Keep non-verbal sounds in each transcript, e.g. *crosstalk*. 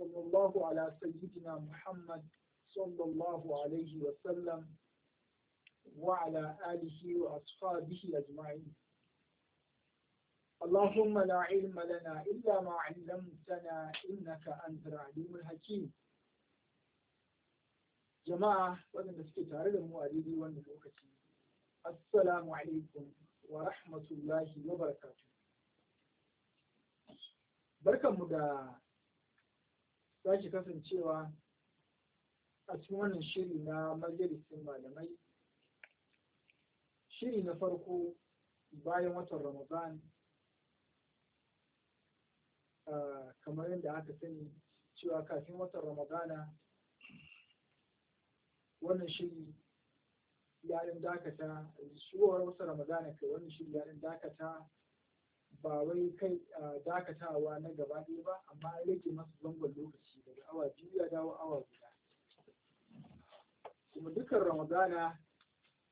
صلى الله على سيدنا محمد صلى الله عليه وسلم وعلى آله وأصحابه أجمعين اللهم لا علم لنا إلا ما علمتنا إنك أنت العليم الحكيم جماعة وأنا نسكت على المؤلدي والملوكتي السلام عليكم ورحمة الله وبركاته بركة مدى Za ki kasancewa a cikin wannan shiri na majalisin malamai shiri na farko bayan watan ramadan kamar yadda aka sani cewa kafin watan ramadana wannan shiri ya dakata shuwar watan ramadana kai wannan shiri ya dakata ba wai kai dakatawa na gaba ɗaya ba amma ya rage masu zangon lokaci daga awa biyu ya dawo awa guda kuma dukkan ramadana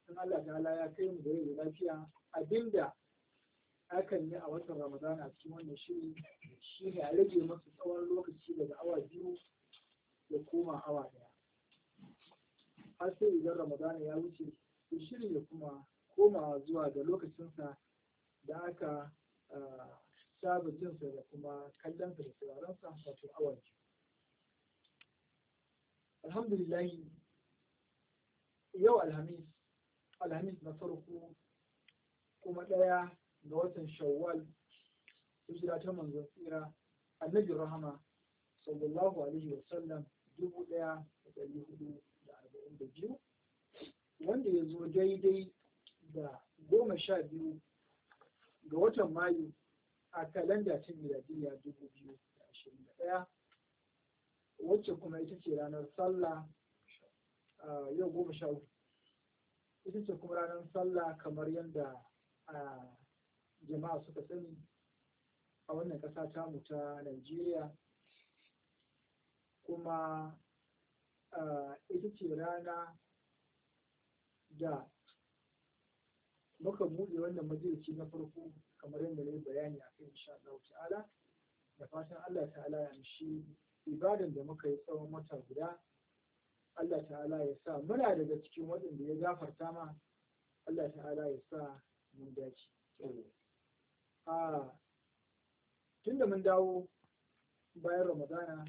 sun Allah ya kai mu gare da lafiya abinda akan yi a watan ramadana a cikin wannan shiri shi ne a rage masu tsawon lokaci daga awa biyu ya koma awa ɗaya har sai idan ramadana ya wuce shirin ya kuma komawa zuwa da lokacinsa da aka sabitinsa da kuma kallonsa da sauraronsa wato awon ki alhamdulillahi yau alhamis alhamis na farko kuma ɗaya ga watan shawwal hijira ta manzon tsira annabi rahama sallallahu alaihi Sallam dubu ɗaya da dari hudu da arba'in da biyu wanda ya zo daidai da goma sha biyu ga watan mayu a kalanda ta miladiyya dubu biyu da ashirin da ɗaya wacce kuma ita ce ranar sallah yau goma sha ita ce kuma ranar sallah kamar yadda jama'a suka sani a wannan ƙasa mu ta Najeriya kuma ita ce rana da muka buɗe wannan majalisi na farko kamar yadda na yi bayani a kai insha Allah ta'ala da fatan Allah ta'ala ya mishi ibadan da muka yi tsawon wata guda Allah ta'ala ya sa muna daga cikin waɗanda ya gafarta ma Allah ta'ala ya sa mun dace tunda mun dawo bayan Ramadana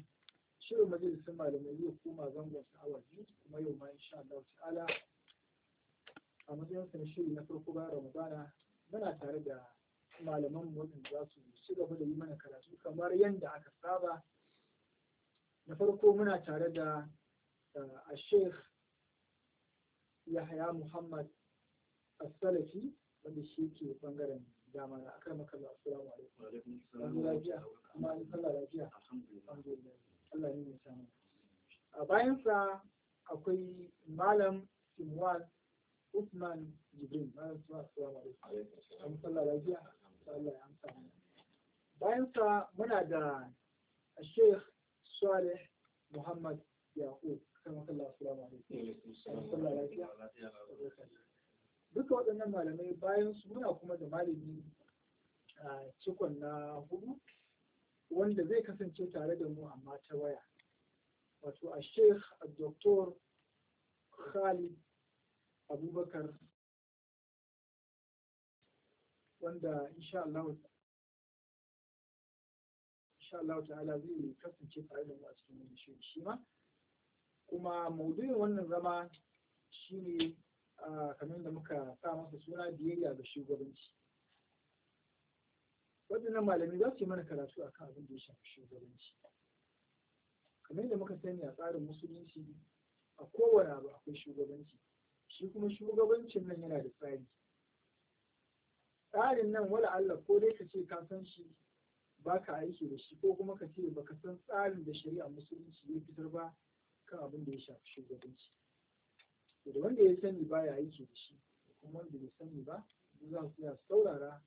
shirin majalisin malamai zai koma zangon sa'awa biyu kuma yau ma insha Allah ta'ala a matsayinsa na shiri na farko bayan ramadana muna tare da malaman mu za su ci gaba da yi mana karatu kamar yadda aka saba na farko muna tare da eh, a sheikh yahaya muhammad Asalafi wanda shi ke bangaren dama na akar makalla assalamu alaikum wani lafiya kuma an sallah lafiya alhamdulillah Allah ne mai a bayansa akwai malam simwal Usman Jibrin bayan su assalamu alaikum. amma sallah lafiya? Allah ya amsa mana. Bayan sa muna da Sheikh Saleh Muhammad Yaqub kama kallah assalamu alaikum. An sallah lafiya? Duka waɗannan malamai bayan su muna kuma da malami a cikon na hudu wanda zai kasance tare da mu amma ta waya. Wato a Sheikh Dr. Khalid abubakar wanda insha Allah ta'ala zai kasance tare da a cikin shi shi ma kuma maudu'in wannan zama ne kamar da muka sa masa suna biyayya ga shugabanci waɗannan malamai za su yi mana karatu akan abin da ya shafi shugabanci kamar da muka sani a tsarin musulunci a kowane abu akwai shugabanci shi kuma shugabancin nan yana da tsari tsarin nan wala Allah ko dai ka ce ka san shi ba ka aiki da shi ko kuma ka ce ba ka san tsarin da shari'a musulunci ya fitar ba kan abin da ya shafi shugabanci da wanda ya sani ba ya aiki da shi kuma wanda ya sani ba za su ya saurara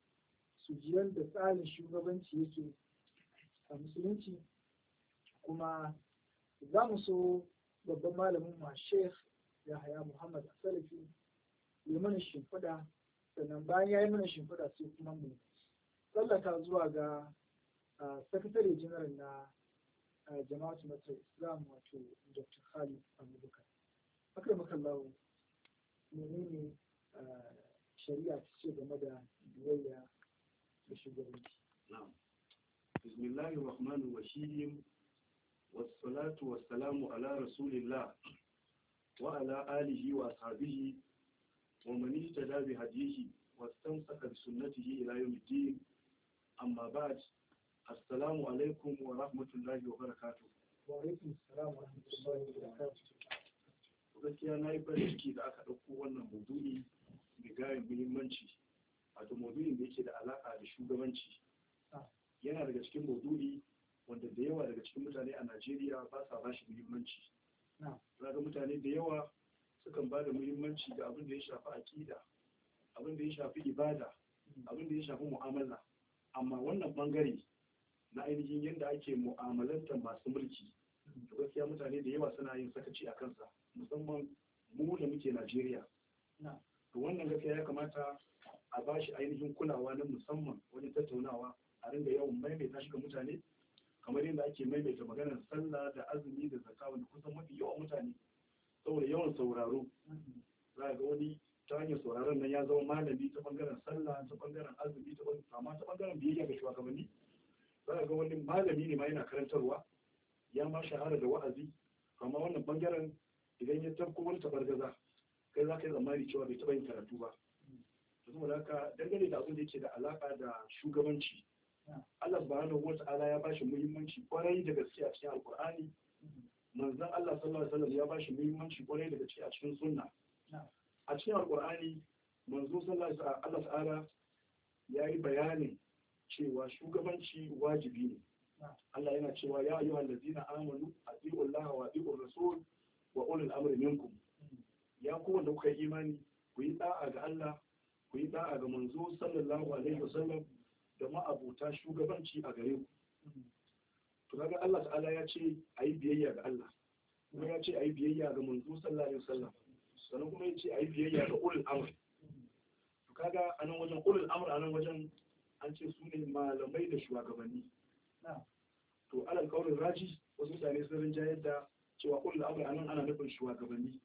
su ji yadda tsarin shugabanci yake a musulunci kuma za mu so babban malamin ma sheikh Yahaya Muhammad Salafi ya mana shimfiɗa sannan bayan ya yi mana shimfiɗa sai kuma mu tsallaka zuwa ga sakatare janar na jama'atu na islam wato dr khalid abubakar akwai makallawo ne shari'a ta ce game da biyayya da shugabanci bismillahir rahmanir rahim والصلاة والسلام على رسول الله wa'ala alihi wa sabihi wa ta dabi hadihi wa san saka da sunnatihi ilayen mutum amma ba ci assalamu wa rahmatun lahi wa barakatu wa alaikun salamu alaikun gaskiya na yi bariki da aka ɗauko wannan mudumi da gayan muhimmanci a da da yake da alaƙa da shugabanci ah. yana daga cikin mudumi wanda da yawa daga cikin mutane a najeriya ba sa ba muhimmanci raga mutane da yawa sukan ba da muhimmanci ga abin da ya shafi aƙida abin da ya shafi ibada abin da ya shafi mu'amala amma wannan bangare na ainihin yadda ake mu'amalantar masu mulki da gaskiya mutane da yawa suna yin sakaci a kansa musamman mu da muke Najeriya to wannan gaskiya ya kamata a bashi ainihin kulawa na musamman wajen tattaunawa a ringa yawan maimaita shi ga mutane kamar yadda ake maimaita maganar sallah da azumi da zakka wanda kusan mafi yawan mutane saboda yawan sauraro za ga wani ta hanyar sauraron nan ya zama malami ta bangaren sallah ta bangaren azumi ta bangaren amma ta bangaren biyayya ga shugabanni za ga wani malami ne ma yana karantarwa ya ma shahara da wa'azi amma wannan bangaren idan ya tabko wani tabargaza kai za ka yi tsammani cewa bai taɓa yin karatu ba saboda haka dangane da abin da yake da alaƙa da shugabanci Allah subhanahu wata'ala ya bashi muhimmanci kwarai da gaske a cikin alkur'ani manzon Allah sallallahu alaihi wasallam ya bashi muhimmanci kwarai da gaske a cikin sunna a cikin alkur'ani manzo sallallahu alaihi Allah ta'ala yi bayanin cewa shugabanci wajibi ne Allah yana cewa ya ayyuha allazina amanu atiiu Allah wa atiiu rasul wa ulul amri minkum ya ku wanda kuka imani ku yi da'a ga Allah ku yi da'a ga manzo sallallahu alaihi wasallam ta shugabanci a gare ku to kaga Allah ta'ala ya ce ayi biyayya ga Allah kuma ya ce ayi biyayya ga manzo sallallahu alaihi wasallam sannan kuma ya ce ayi biyayya ga ulul amr to kaga anan wajen ulul amr anan wajen an ce su ne malamai da shugabanni to alal kaurin raji wasu mutane sun rinjayar da cewa ulul amr anan ana nufin shugabanni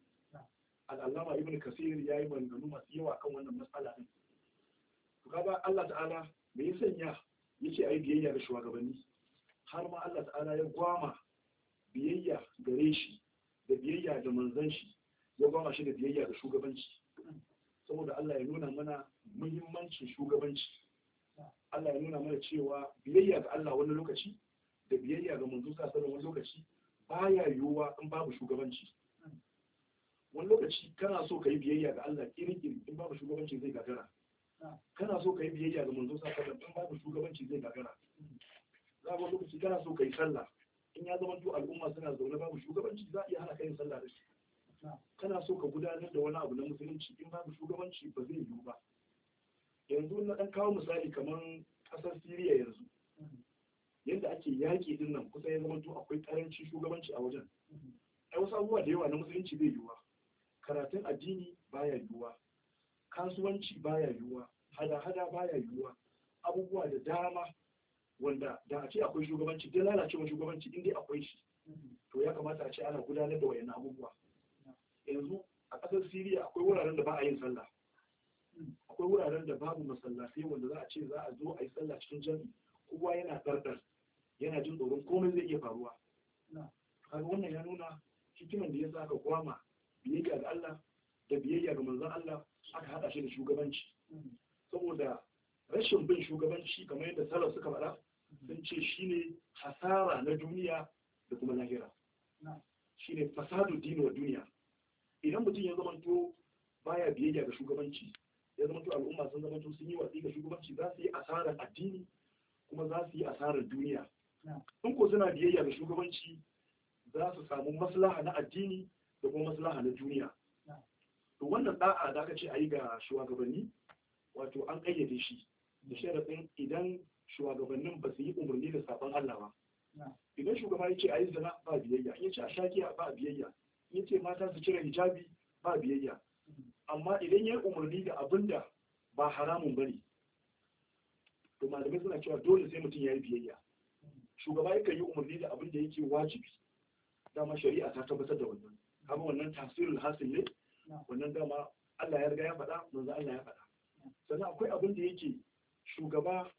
al'allama ibn kasir ya yi maganganu masu yawa kan wannan matsala din to kaga Allah ta'ala me ya sanya yake ai biyayya ga shugabanni har ma Allah ta'ala ya gwama biyayya gare shi da biyayya da manzon shi ya gwama shi da biyayya ga shugabanci saboda Allah ya nuna mana muhimmancin shugabanci Allah ya nuna mana cewa biyayya ga Allah wani lokaci da biyayya ga manzo sallallahu alaihi wani lokaci baya yiwuwa in babu shugabanci wani lokaci kana so ka yi biyayya ga Allah kirkin in babu shugabanci zai gagara kana so ka yi biyayya ga manzo sa kada in babu shugabanci zai gagara za ga lokaci kana so ka yi sallah in ya zama to al'umma suna zaune babu shugabanci za a iya hana kai sallah da shi kana so ka gudanar da wani abu na musulunci in babu shugabanci ba zai yiwu ba yanzu na dan kawo misali kamar kasar Siriya yanzu yadda ake yaƙi din nan kusa ya zama to akwai karancin shugabanci a wajen ai wasu abubuwa da yawa na musulunci zai yiwuwa karatun addini baya yiwuwa kasuwanci baya yiwuwa hada-hada baya yiwuwa abubuwa da dama wanda da a ce akwai shugabanci da lalacewa shugabanci inda akwai shi to ya kamata a ce ana gudanar da wayannan abubuwa yanzu a ƙasar siriya akwai wuraren da ba a yin sallah akwai wuraren da babu masallatai wanda za a ce za a zo a yi sallah cikin jami'i kowa yana ɗarɗar yana jin tsoron komai zai iya faruwa kaga wannan ya nuna hikiman da ya sa ka kwama biyayya ga Allah da biyayya ga manzon Allah aka haɗa shi da shugabanci saboda rashin bin shugabanci kamar yadda salaf suka faɗa sun ce shine hasara na duniya da kuma lahira shine fasadu dino wa duniya idan mutum ya zamanto baya biyayya ga shugabanci ya zamanto al'umma sun zamanto sun yi watsi ga shugabanci za su yi asarar addini kuma za su yi asarar duniya in ko suna biyayya ga shugabanci za su samu maslaha na addini da kuma maslaha na duniya to wannan da'a da aka ce a yi ga shugabanni wato an ƙayyade shi da sharaɗin idan shugabannin ba su yi umarni da sabon Allah ba idan shugaba ya ce a yi zina ba biyayya ya ce a shakiya ba biyayya ya ce mata su cire hijabi ba biyayya mm-hmm. amma idan ya yi umarni da abin da ba haramun bane to malamai suna cewa dole sai mutum ya yi biyayya mm-hmm. shugaba yakan yi umarni da abin da yake wajibi dama shari'a ta tabbatar da wannan kama wannan tasirin hasil ne wannan dama Allah ya riga ya faɗa manzo Allah ya faɗa sannan akwai abin da yake shugaba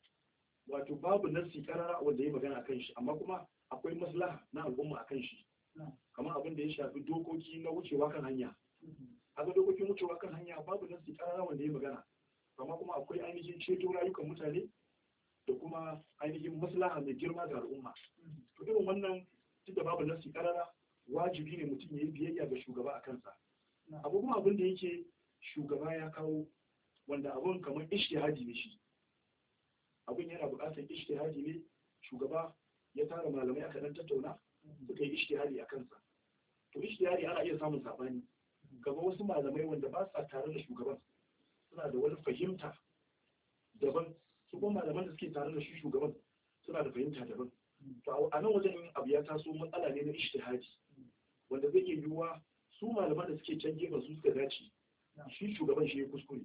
wato babu nasi karara wanda ya magana akan shi amma kuma akwai maslaha na al'umma akan shi kamar abin da ya shafi dokoki na wucewa kan hanya haka dokokin wucewa kan hanya babu nasi karara wanda ya magana amma kuma akwai ainihin ceto rayukan mutane da kuma ainihin maslaha mai girma ga al'umma to irin wannan duk da babu nasi karara wajibi ne mutum ya yi biyayya ga shugaba a kansa abu kuma abin da yake shugaba ya kawo wanda abun kamar ishtihadi ne shi abun yana buƙatar ishtihadi ne shugaba ya tara malamai aka dan tattauna suka yi ishtihadi a kansa to ishtihadi ana iya samun sabani gaba wasu malamai wanda ba sa tare da shugaban suna da wani fahimta daban su kuma malaman da suke tare da shi shugaban suna da fahimta daban to a nan wajen abu ya taso matsala ne na ishtihadi wanda zai iya yiwuwa su malaman da suke can gefen su suka dace shi shugaban shi ya kuskure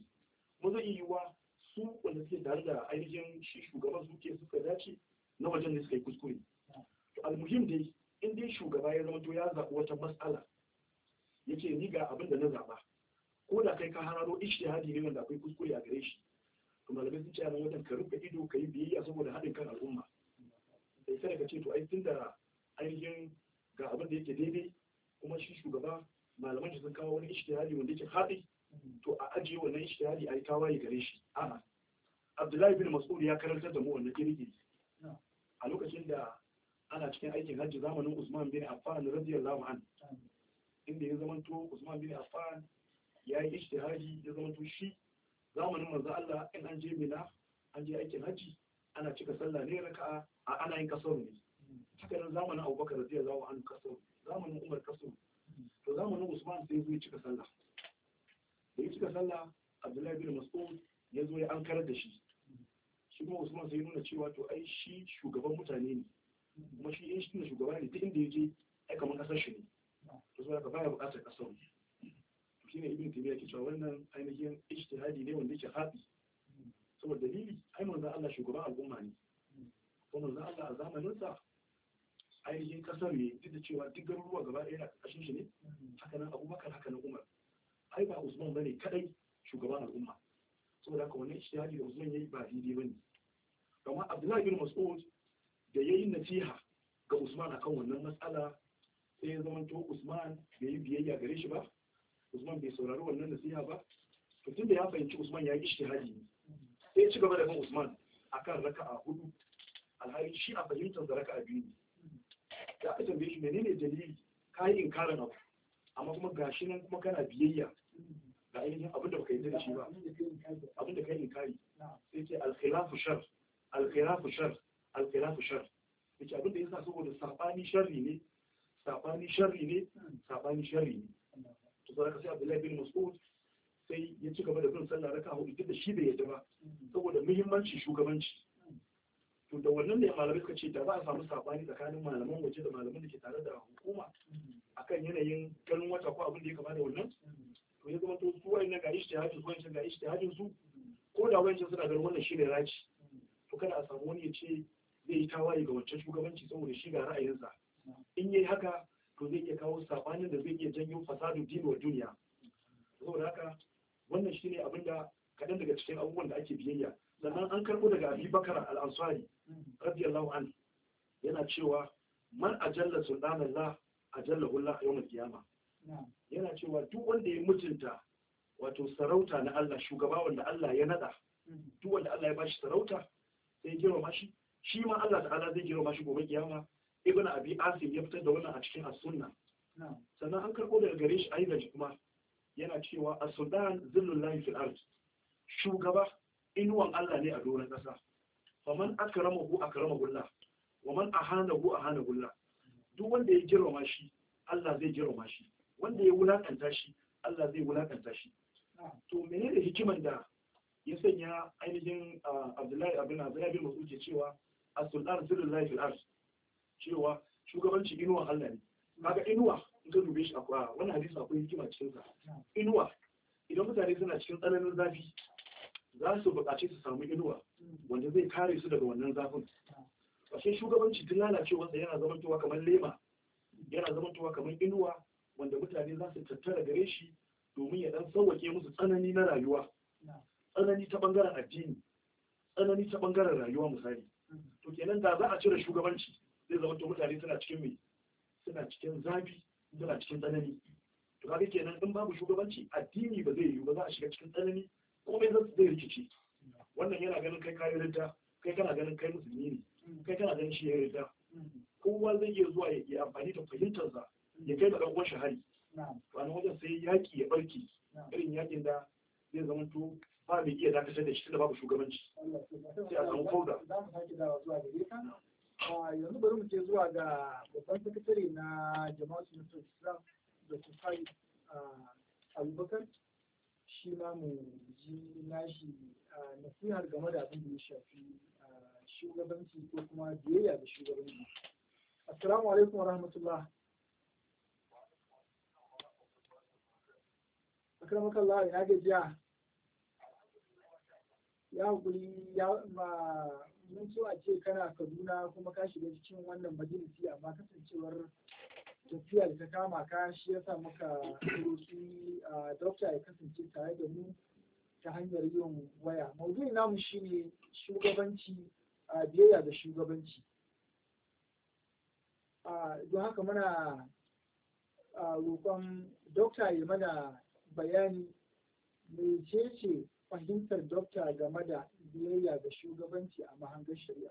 kuma zai yiwuwa su wanda suke tare da ainihin shi shugaban suke suka dace na wajen da suka yi kuskure to almuhim dai in dai shugaba ya zama to ya zaɓi wata matsala yake ni ga abin da na zaɓa ko da kai ka hararo hadi ne wanda akwai kuskure a gare shi to malamai sun ce a wajen ka rufe ido ka yi biyayya saboda haɗin kan al'umma sai sai ka ce to ai da ainihin ga abin da yake daidai kuma shi shugaba malaman sun kawo wani ijtihadi wanda yake haɗi to a ajiye wannan ijtihadi ai tawaye gare shi a'a Abdullahi bin Mas'ud ya karantar da mu wannan kirki a lokacin da ana cikin aikin hajji zamanin Usman bin Affan radiyallahu anhu inda ya zamanto Usman bin Affan ya yi ijtihadi ya zamanto shi zamanin manzo Allah in an je Mina an je aikin hajji ana cika sallah ne raka'a ana yin kasar ne haka zamanin Abubakar radiyallahu anhu kasar zamanin Umar kasar to zamanin usman sai zai cika sallah da ya cika sallah abdullahi bin mas'ud ya zo ya ankarar da shi shi kuma usman sai nuna cewa to ai shi shugaban mutane ne kuma shi yin shi ne shugaba ne duk inda yaje ai kamar kasar shi ne to sai ka baya bukatar kasar to shine ibn Taymiyyah ke cewa wannan ainihin ijtihadi ne wanda yake hafi saboda dalili ai manzo Allah shugaban al'umma ne kuma manzo Allah a zamanin sa ainihin kasar ne duk da cewa duk garuruwa gaba ɗaya na ƙarƙashin shi ne haka nan abubakar haka nan umar ai ba usman bane kadai shugaban al'umma saboda haka wannan ishtihadi da usman yayi ba daidai bane amma abdullahi bin mas'ud da yayi nasiha ga usman akan wannan matsala sai ya zama to usman bai yi biyayya gare shi ba usman bai saurari wannan nasiha ba to tunda ya fahimci usman ya yi ishtihadi ne sai ya ci gaba da ban usman akan raka'a hudu alhali shi a fahimtar da raka'a biyu ne sai aka tambaye shi menene dalili ka yi inkarin abu amma kuma gashi nan kuma kana biyayya ga ainihin abin da baka yi da shi ba abin da kai inkari sai ce al-khilafu shar al-khilafu shar al-khilafu shar yace abin da yasa saboda sabani sharri ne sabani sharri ne sabani sharri ne to sai sai Abdullahi bin Mas'ud sai ya ci gaba da bin sallah raka hudu duk da shi bai yadda ba saboda muhimmancin shugabanci da wannan ne malamai suka ce da za a samu sabani tsakanin malaman waje da malaman da ke tare da hukuma kan yanayin ganin wata ko abin da ya kama da wannan to ya zama to su wayannan ga ijtihadin su wayannan ga ijtihadin su ko da wayannan suna ganin wannan shi ne raci to kada a samu wani ya ce zai yi tawaye ga wancan shugabanci saboda shi ga ra'ayinsa in yi haka to zai iya kawo sabanin da zai iya janyo fasadu dini wa duniya saboda haka wannan shi ne abin da kaɗan daga cikin abubuwan da ake biyayya sannan an karɓo daga abi al radiyallahu anhu yana cewa man ajalla sultanallah ajalla Allah yau qiyama yana cewa duk wanda ya mutunta wato sarauta na Allah shugaba wanda Allah ya nada mm-hmm. duk wanda Allah ya bashi sarauta sai jiro shi shi ma Allah ta'ala zai jiro mashi gobe kiyama ibn abi asim ya fitar da wannan a cikin as-sunna sannan an karbo daga gare shi ayyuka kuma yana cewa as-sudan zillullahi fil ard shugaba inuwan Allah ne a doron kasa faman akramahu akramahu Allah wa man ahanahu ahanahu gulla. duk wanda ya girma shi Allah zai girma shi wanda ya wulakanta shi Allah zai wulakanta shi to menene hikiman da ya sanya ainihin Abdullahi abin Abdullahi bin Mas'ud ke cewa as-sultan zillallahi fil ard cewa shugabanci inuwa Allah ne kaga inuwa in ka dube shi akwai wannan hadisi akwai hikima cikin sa inuwa idan mutane suna cikin tsananin zafi za su buƙaci su samu inuwa wanda zai kare su daga wannan zafin ƙashin shugabanci tun lalacewarsa yana zamantowa kamar lema yana zamantowa kamar inuwa wanda mutane za su tattara gare shi domin ya dan sauwake musu tsanani na rayuwa tsanani ta bangaren addini tsanani ta bangaren rayuwa misali to kenan da za a cire shugabanci zai zama to mutane suna cikin mai suna cikin zafi suna cikin tsanani to kaga kenan in babu shugabanci addini ba zai yiwu ba za a shiga cikin tsanani komai zan zai rikici wannan yana ganin kai kayi ridda kai kana ganin kai musulmi ne kai kana ganin shi ya ridda kowa zai iya zuwa ya amfani da fahimtarsa ya kai da ɗan uwan shahari wani wajen sai yaƙi ya barke irin yaƙin da zai zama to ba mai iya dakatar da shi tunda babu shugabanci sai a samu fauda ah, yanzu bari mu je zuwa ga babban sakatare na jama'atu na islam da su ah, abubakar shi ba mu ji nashi nasihar game da abin da ya shafi shugabanci ko kuma biyayya da shugabanci. Assalamu alaikum wa rahmatullah. Akramaka Allah ina gajiya. Ya hukuri ya ma mun so a ce kana Kaduna kuma ka shiga cikin wannan majalisi amma kasancewar tafiya da ta kama ka shi ya maka muka a dokta ya kasance tare da mu ta hanyar yin waya maudu'in namu shine shugabanci a biyayya da shugabanci don haka muna roƙon dokta ya mana bayani mecece fahimtar dokta game da biyayya da shugabanci a mahangar shari'a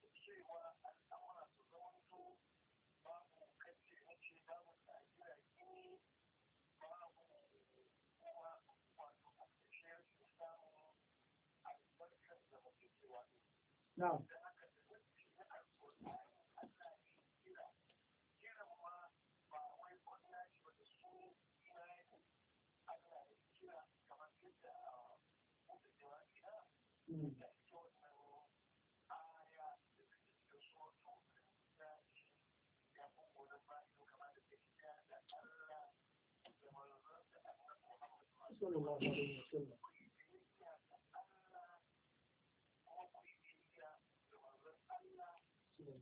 aka aya ba ba na na da da Thank you.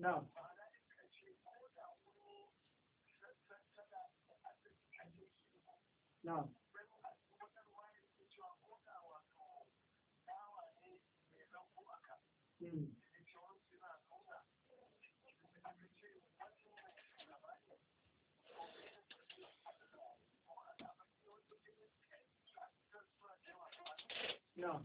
na'am na'am hmm. No.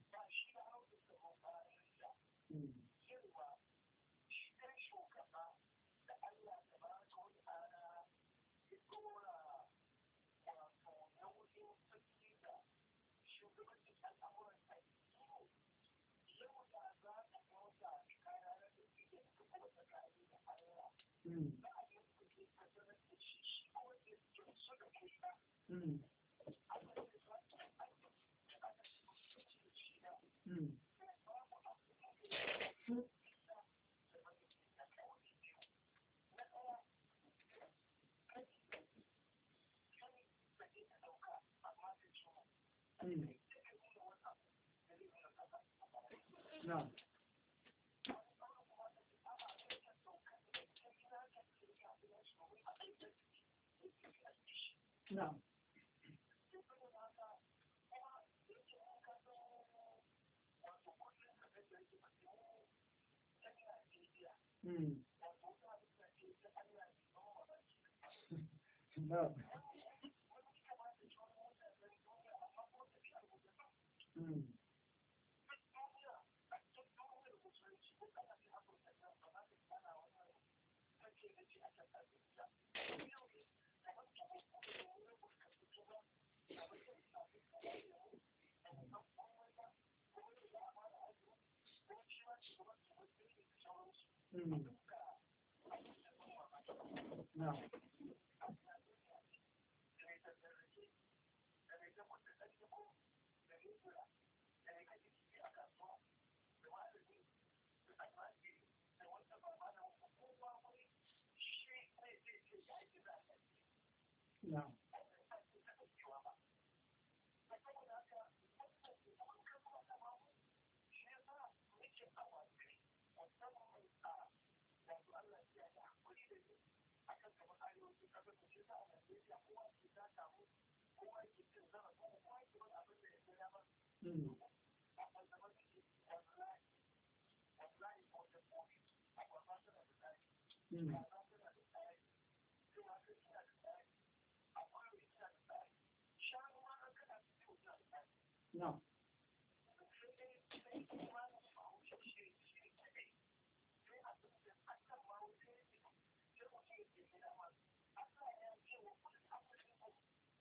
No. نعم نعم نعم No. No. Mm. Mm.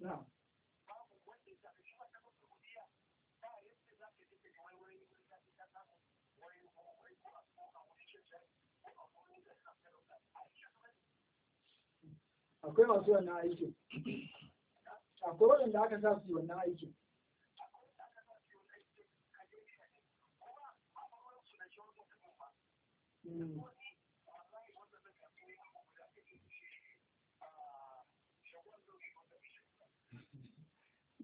na'am akwai masu wannan aikin akwai waɗanda aka sa su wannan aikin hmm.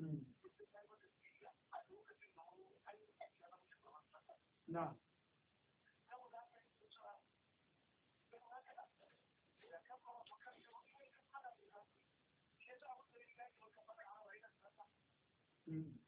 na Mm-hmm.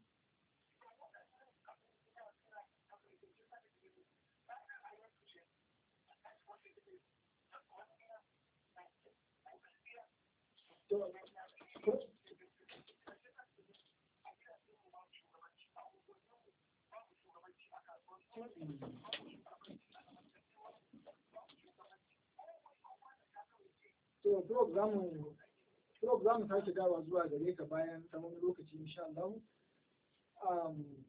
To, program za mu sake dawa zuwa gare ka bayan ta lokaci insha Allah.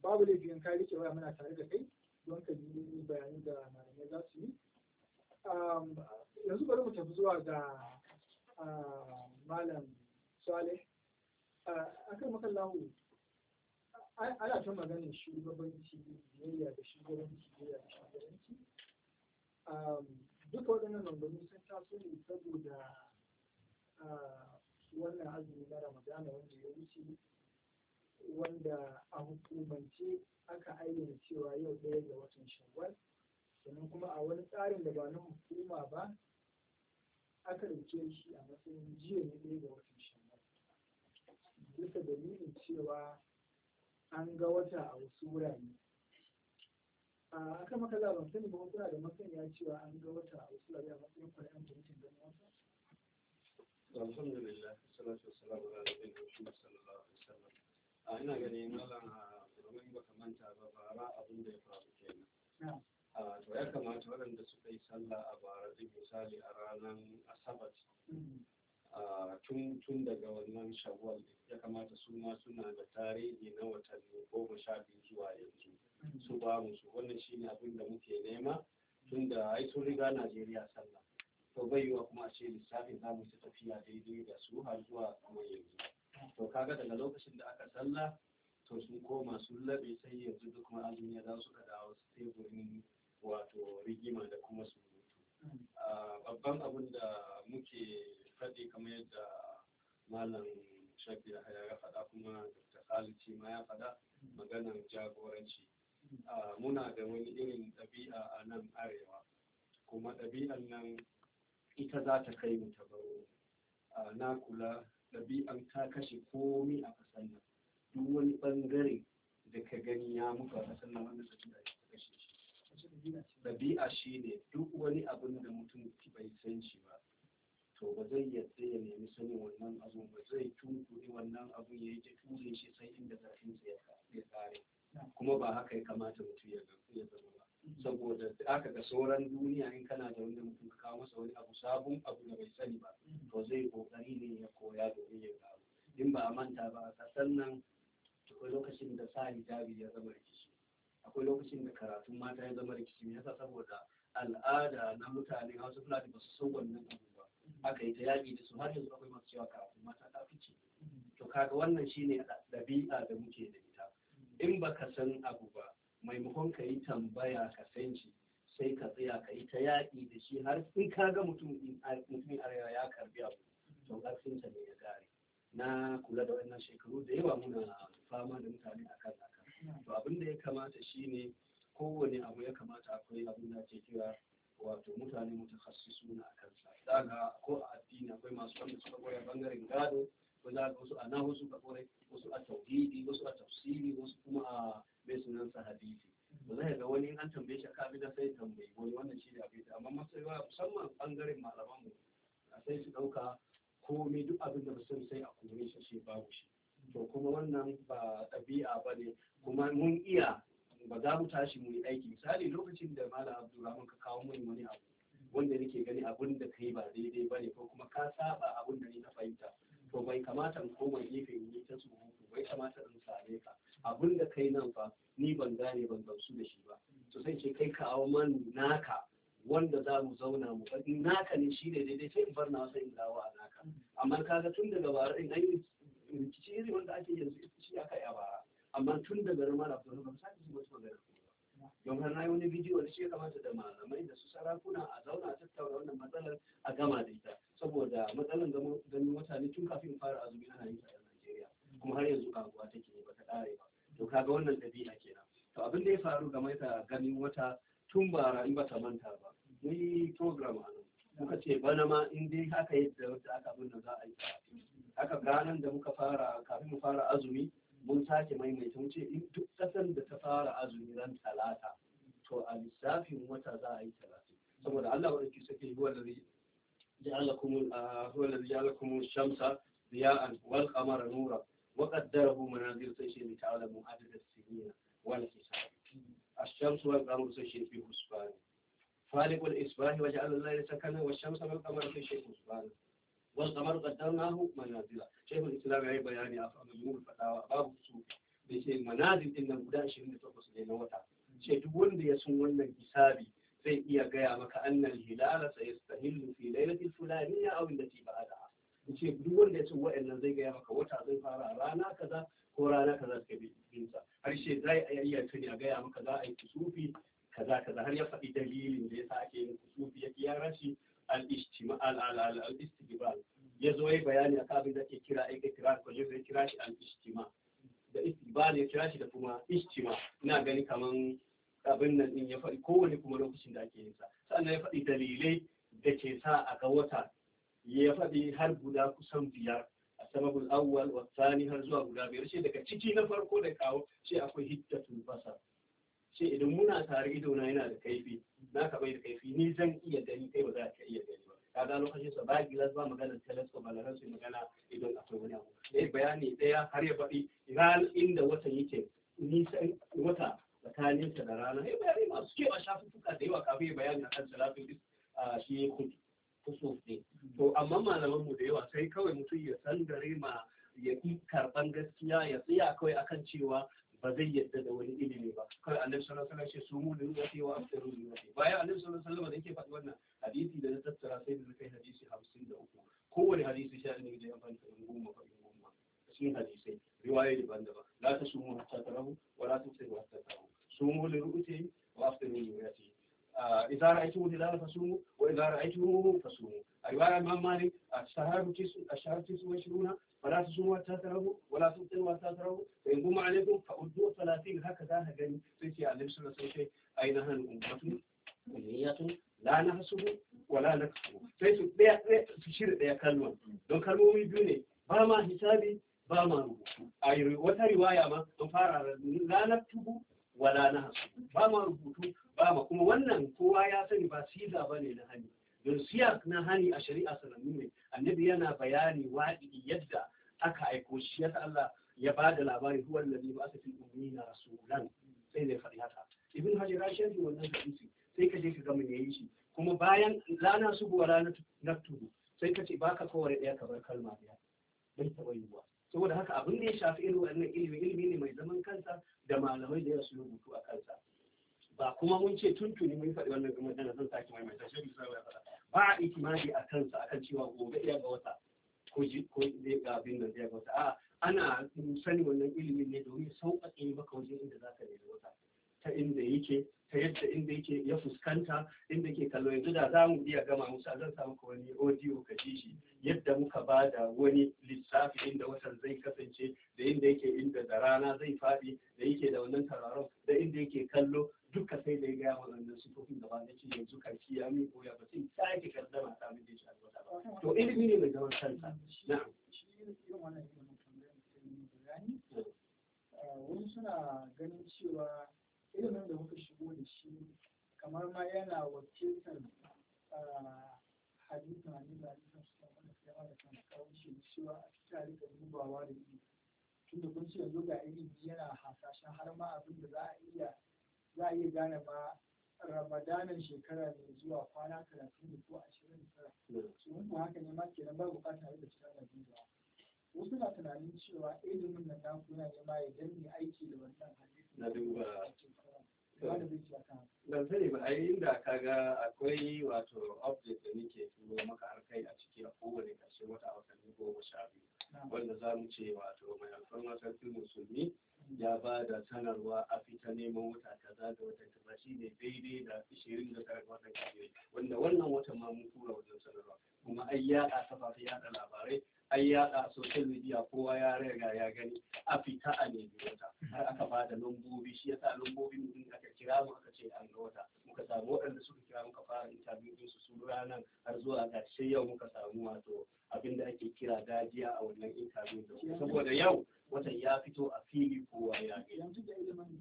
babu laifin ka rike muna tare da kai don ka yi bayanin da malamai za su yi. yanzu bari mu tafi zuwa ga malam Saleh akan makallahu ana ta maganin shugabanci biyayya da shugabanci biyayya da shugabanci duka waɗannan maganganu sun taso ne saboda wannan azumi na ramadana wanda ya wuce wanda a hukumance aka ayyana cewa yau ɗaya ga watan shawwal sannan kuma a wani tsarin da ba na hukuma ba aka rike shi a matsayin jiya ne ɗaya ga watan shawwal bisa dalilin cewa an ga wata a wasu wurare a aka maka za ban sani ba kuna da ya cewa an ga wata a wasu wurare a matsayin kwayan gwamnatin ganin wata alhamdulillah salatu wassalamu ala nabiyyi muhammad sallallahu alaihi wasallam a ina ganin malam a domin baka manta ba ba abin da ya faru kenan to ya kamata waɗanda suka yi sallah a bara zai misali a ranar asabar tun daga wannan shawar ya kamata su ma suna da tarihi na watanni goma sha biyu zuwa yanzu su ba su wannan shine abin da muke nema tun da ai sun riga najeriya sallah to bai yiwa kuma a ce lissafin za mu tafiya daidai da su har zuwa kuma yanzu to kaga daga lokacin da aka sallah to sun koma sun labe sai yanzu duk ma azumi za su ka dawo su teburin wato rigima da kuma surutu babban abin da muke faɗi kamar yadda malam shafi ya ya faɗa kuma da khalid ma ya faɗa maganar jagoranci muna da wani irin ɗabi'a a nan arewa kuma ɗabi'an nan ita za ta kai mu ta baro na kula ɗabi'an ta kashe komi a ƙasar nan duk wani ɓangare da ka gani ya mutu a ƙasar nan wanda su ɗabi'a shi ne duk wani abin da mutum bai san shi ba to ba zai yadda ya nemi sanin wannan abu? ba zai tunkuri wannan abun ya yi ta shi sai inda zafinsa ya tsare kuma ba haka ya kamata mutum ya zama ba saboda aka ga sauran duniya in kana da wanda mutum ka kawo masa wani abu sabon abu da bai sani ba to zai kokari ne ya koya domin ya gano in ba a manta ba a kasan nan lokacin da sa hijabi ya zama rikici akwai lokacin da karatun mata ya zama rikici me yasa saboda al'ada na mutane hausa fulani ba su san wannan abu ba aka yi ta yaƙi da su har yanzu akwai masu cewa karatun mata ta fi ce to kaga wannan shine ɗabi'a da muke da ita in ba ka san abu ba maimakon ka yi tambaya ka san shi sai ka tsaya ka yi ta yaƙi da shi har in ka ga mutum mutumin arewa ya karbi abu to ƙarfinsa ne ya gare na kula da wannan shekaru da yawa muna fama da mutane a kan to abin da ya kamata shine kowane abu ya kamata akwai abin da ake kira wato mutane mutakhasisuna a kansa daga ko a addini akwai masu wanda suka koya bangaren gado ko za ga wasu ana wasu ka kore wasu a tauhidi wasu a tafsiri wasu kuma a mai sunan hadisi ba za ga wani an tambaye shi ka da sai tambayi wani wannan shi a abin amma masaiwa musamman bangaren malaman mu sai su ɗauka komai duk abin da ba sai a kore shi shi babu shi to kuma wannan ba ɗabi'a ba ne kuma mun iya ba za mu tashi mu yi aiki misali lokacin da malam abdulrahman ka kawo mun wani abu wanda nake gani abun da kai ba daidai ba ne ko kuma ka saba abun da ni na fahimta to bai kamata in koma gefe ni ta surutu bai kamata in same ka abun da kai nan fa ni ban gane ban gamsu da shi ba to sai ce kai ka awo man naka wanda za mu zauna mu naka ne shi ne daidai sai in bar na wasa in dawo a naka amma kaga tun daga bara in an yi rikici iri wanda ake yanzu shi aka yi a bara amma tun daga rama da abdullahi ban sake jin wasu magana don har na yi wani bidiyo da shi ya kamata da malamai da su sarakuna a zauna a tattauna wannan matsalar a gama da ita saboda matsalar wata mutane tun kafin fara azumi ana yin ta a Najeriya kuma har yanzu kaguwa take ba ta ƙare ba to kaga wannan dabi'a kenan to abin da ya faru game ta ganin wata tun bara in ba ta manta ba mun yi program a nan muka ce bana ma in dai haka yadda wata aka abin da za a yi aka ganin da muka fara kafin mu fara azumi mun sake maimaita mu ce in duk ƙasar da ta fara azumi ran talata to a lissafin wata za a yi talata. saboda Allah wa ɗauki sake yi wanda zai ja'alakum huwa alladhi ja'alakum ash-shamsa diya'an wal qamara nura wa qaddarahu manazil sai shi ne ta'lamu adad as-sinina wal hisab ash-shamsu wal qamaru sai shi fi husban faliqul isbahi wa ja'ala al-layla sakana wash-shamsa wal qamara sai shi husban wal qamar qaddarnahu manazila shaykhul islam yayi bayani a majmu'ul fatawa babu su da ke manazil din nan guda 28 ne na wata ce duk wanda ya sun wannan hisabi zai iya gaya maka annal hilala sayastahillu fi lailatil fulaniya aw allati ba'daha ce duk wanda ya sun wa'annan zai gaya maka wata zai fara a rana kaza ko rana kaza suka bi binsa har shi zai iya tuni a gaya maka za a yi kusufi kaza kaza har ya faɗi dalilin da yasa ake yin kusufi ya rashi al ya zo ya bayani a kabin da ke kira ai kira ko ya kira shi al da ya kira shi da kuma istima ina gani kaman abin nan din ya faɗi kowane kuma lokacin da ake yin sa sannan ya faɗi dalilai da ke sa a ga wata ya faɗi har guda kusan biyar a sababul awwal wa tsani har zuwa guda biyar sai daga ciki na farko da kawo sai akwai hiddatul basar ce idan muna tare ido na yana da kaifi na ka bai da kaifi ni zan iya gani kai ba za ka iya gani ba ga lokacin sa ba gilas ba magana telescope ba su magana idan akwai wani abu da bayani daya har ya faɗi ran inda wata yake nisan wata tsakanin ta da rana ya bayani masu shafi shafuffuka da yawa kafin ya bayani akan a shi kudu So ne to amma malaman mu da yawa sai kawai mutum ya san gare ma ya karban gaskiya ya tsaya kawai akan cewa ba zai yadda da wani ilimi ba kar annabi sallallahu alaihi wasallam ce su mu da ruwati wa aftaru da ruwati bayan annabi sallallahu alaihi wasallam da yake faɗi wannan hadisi da na tattara sai da kai hadisi 53 kowane hadisi sha ne da amfani da goma ba fa goma cikin hadisai riwaye daban-daban la ta sumu hatta tarahu wa la ta tsayu hatta tarahu sumu da ruwati wa aftaru ya ce. آه، إذا رأيتم الهلال فصوموا وإذا رأيتموه فصوموا رواية الإمام مالك الشهر الشهر تسع وعشرون فلا تصوموا حتى تروا ولا تفطروا حتى تروا فإن قم عليكم فأدوا الثلاثين هكذا هجري تأتي على النبي صلى الله عليه وسلم أينها الأمة أمية لا نفسه ولا فيس بيا بيا تشير بيا كلمة دون كلمة بيوني بما حسابي بما ربو أي وترواية ما أنفار لا نكتب ولا نهسه بما ربوتو ma kuma wannan kowa ya sani ba siza ba ne na hani don siyak na hani a shari'a sanannu ne annabi yana bayani waɗi yadda aka aiko shi yadda Allah ya ba da labari huwa allazi ba ta fi ummina rasulan sai ne faɗi haka ibn hajar ya sharhi wannan hadisi sai ka je ka gama mun yayi shi kuma bayan rana su go rana tudu sai ka ce baka kowane ɗaya ka bar kalma ɗaya bai taɓa yiwuwa saboda haka abin da ya shafi irin wannan ilimi ilimi ne mai zaman kansa da malamai da ya su rubutu a kansa ba kuma mun ce tuntuni mun faɗi wannan magana zan sake maimaita shi bisa ya faɗa ba a itimadi a kansa akan cewa gobe iya ga wata ko zai ga abin da zai ga wata a ana sani wannan ilimin ne domin sauƙaƙe maka wajen inda za ka nemi wata ta inda yake ta yadda inda yake ya fuskanta inda ke kallo yanzu da za mu iya gama musa zan sa maka wani audio ka ji shi yadda muka ba da wani lissafi inda watan zai kasance da inda yake inda da rana zai faɗi da yake da wannan tararon da inda yake kallo duka sai da ya gaya wa wannan sufofin da ba ce yanzu karfi ya mai koya ba sai sake kaddama ta abin da ya ci ba to ilimi ne mai zaman kansa na'am wani eh, suna ganin cewa ilimin da muka shigo da shi kamar ma yana wakiltar eh, hadisi na nuna cikin su kan wanda kiyama da shi kawunci cewa a cikin harika dubawa da ilimi tunda kun ce yanzu ga ilimi yana hasashen har ma abin da za a iya za a iya gane ba ramadanin shekara mai zuwa kwana talatin da ko ashirin da tara su ko haka ne ma kenan ba bukata da cikin rabin da wasu na tunanin cewa ilimin nan naku yana ma ya danne aiki da wannan hadisi na duba da sani ba yi inda ga akwai wato update da nake turo maka har kai a ciki a kowane ƙarshen wata watanni goma sha biyu wanda za mu ce wato mai alfarma sarkin musulmi ya ba da sanarwa a fita neman wata kaza da wata kaza shi ne daidai da ishirin da tara ga watan kafin wanda wannan watan ma mun tura wajen sanarwa kuma ai ya a kafafen yaɗa labarai an yada social media kowa ya riga ya gani a fita a nemi wata har aka ba da lambobi shi yasa lambobi mutum aka kira mu aka ce an ga wata muka samu waɗanda suka kira muka fara interview din su su ranar har zuwa sai yau muka samu wato abin da ake kira dajiya a wannan interview saboda yau watan ya fito a fili kowa ya gani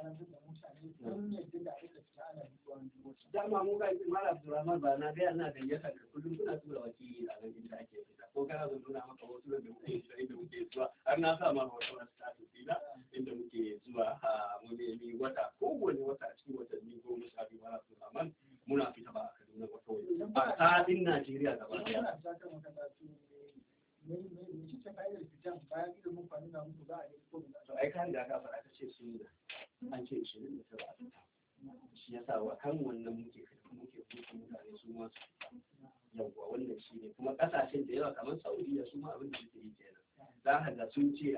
karantar da ana Dama mu ga ba na da kullum kuna tura wakili a ganin da ake fita ko kana zan nuna maka wasu da muke shirin da muke zuwa har na sa ma wasu wasu tasu fila inda muke zuwa mu wata wata a cikin watanni goma sha biyu muna fita ba a Kaduna ba Najeriya gaba ɗaya. bayan fitan bayan na muku za a yi ko da. ai kan da aka faɗa ta ce sun da. an ce shirin da 29 a fita Ya sa wa kan wannan muke muke kuka mutane su ma su yawwa wannan shi ne kuma kasashen da yawa kamar saudiya su ma abin da suke yi kenan za a ga sun ce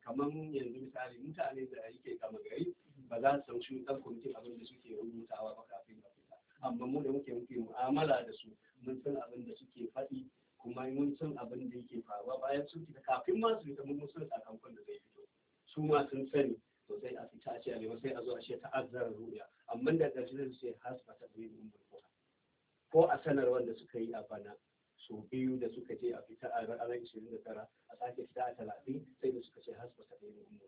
kamar yanzu misali mutane da yake kama gari ba za su san shi dan kwamitin abin da suke rubutawa ba kafin ba fita amma mu da muke muke mu'amala da su mun san abin da suke faɗi kuma mun san abin da yake faruwa bayan sun fita kafin ma su fita mun san sakamakon da zai fito su ma sun sani to sai a fita ce a nema sai a zo a ce ta ta'azzara ruya amma da ƙarshe zai ce hasba ta zai mun burbuha ko a sanar wanda suka yi a bana su biyu da suka je a fita a ranar ishirin da tara a sake fita a talatin sai da suka ce hasba ta zai mun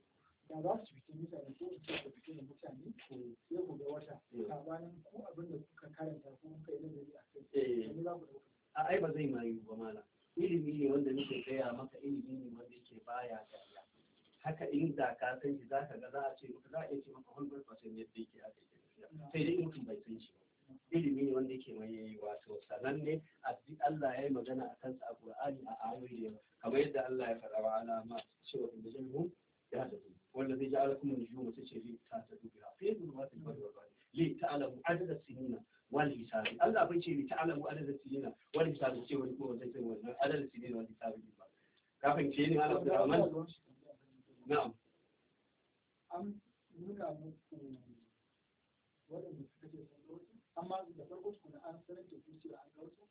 da za su fita mutane ko su fita fita da mutane ko sai ku ga wata bayan ko abin da kuka karanta ko kuka yi nazari a kai eh. za ku a ai ba zai mayu ba mala ilimi ne wanda nake gaya maka ilimi ne wanda yake baya da haka in da ka san shi za ka ga za a ce maka za a iya ce maka hundred percent yadda yake haka yake sai dai mutum bai san shi ba ilimi ne wanda yake mai wato ne, a Allah ya yi magana a kansa a Qur'ani a ayoyi yawa. kamar yadda Allah ya faɗa wa alama cewa inda jin hu ya tafi wanda zai ji alakum nujum ta ce li ta tafi bi fi zulmatil ba da wani li ala mu adada sinina wal hisab Allah bai ce li ta'ala mu adada sinina wal hisab ce wani ko zai ce wannan adada sinina wal hisab ba ka fahimce ni Allah da na'am an nuna muku waɗanda suka ce sun gautu amma da farko tukuna an sanar da su cewa an gautu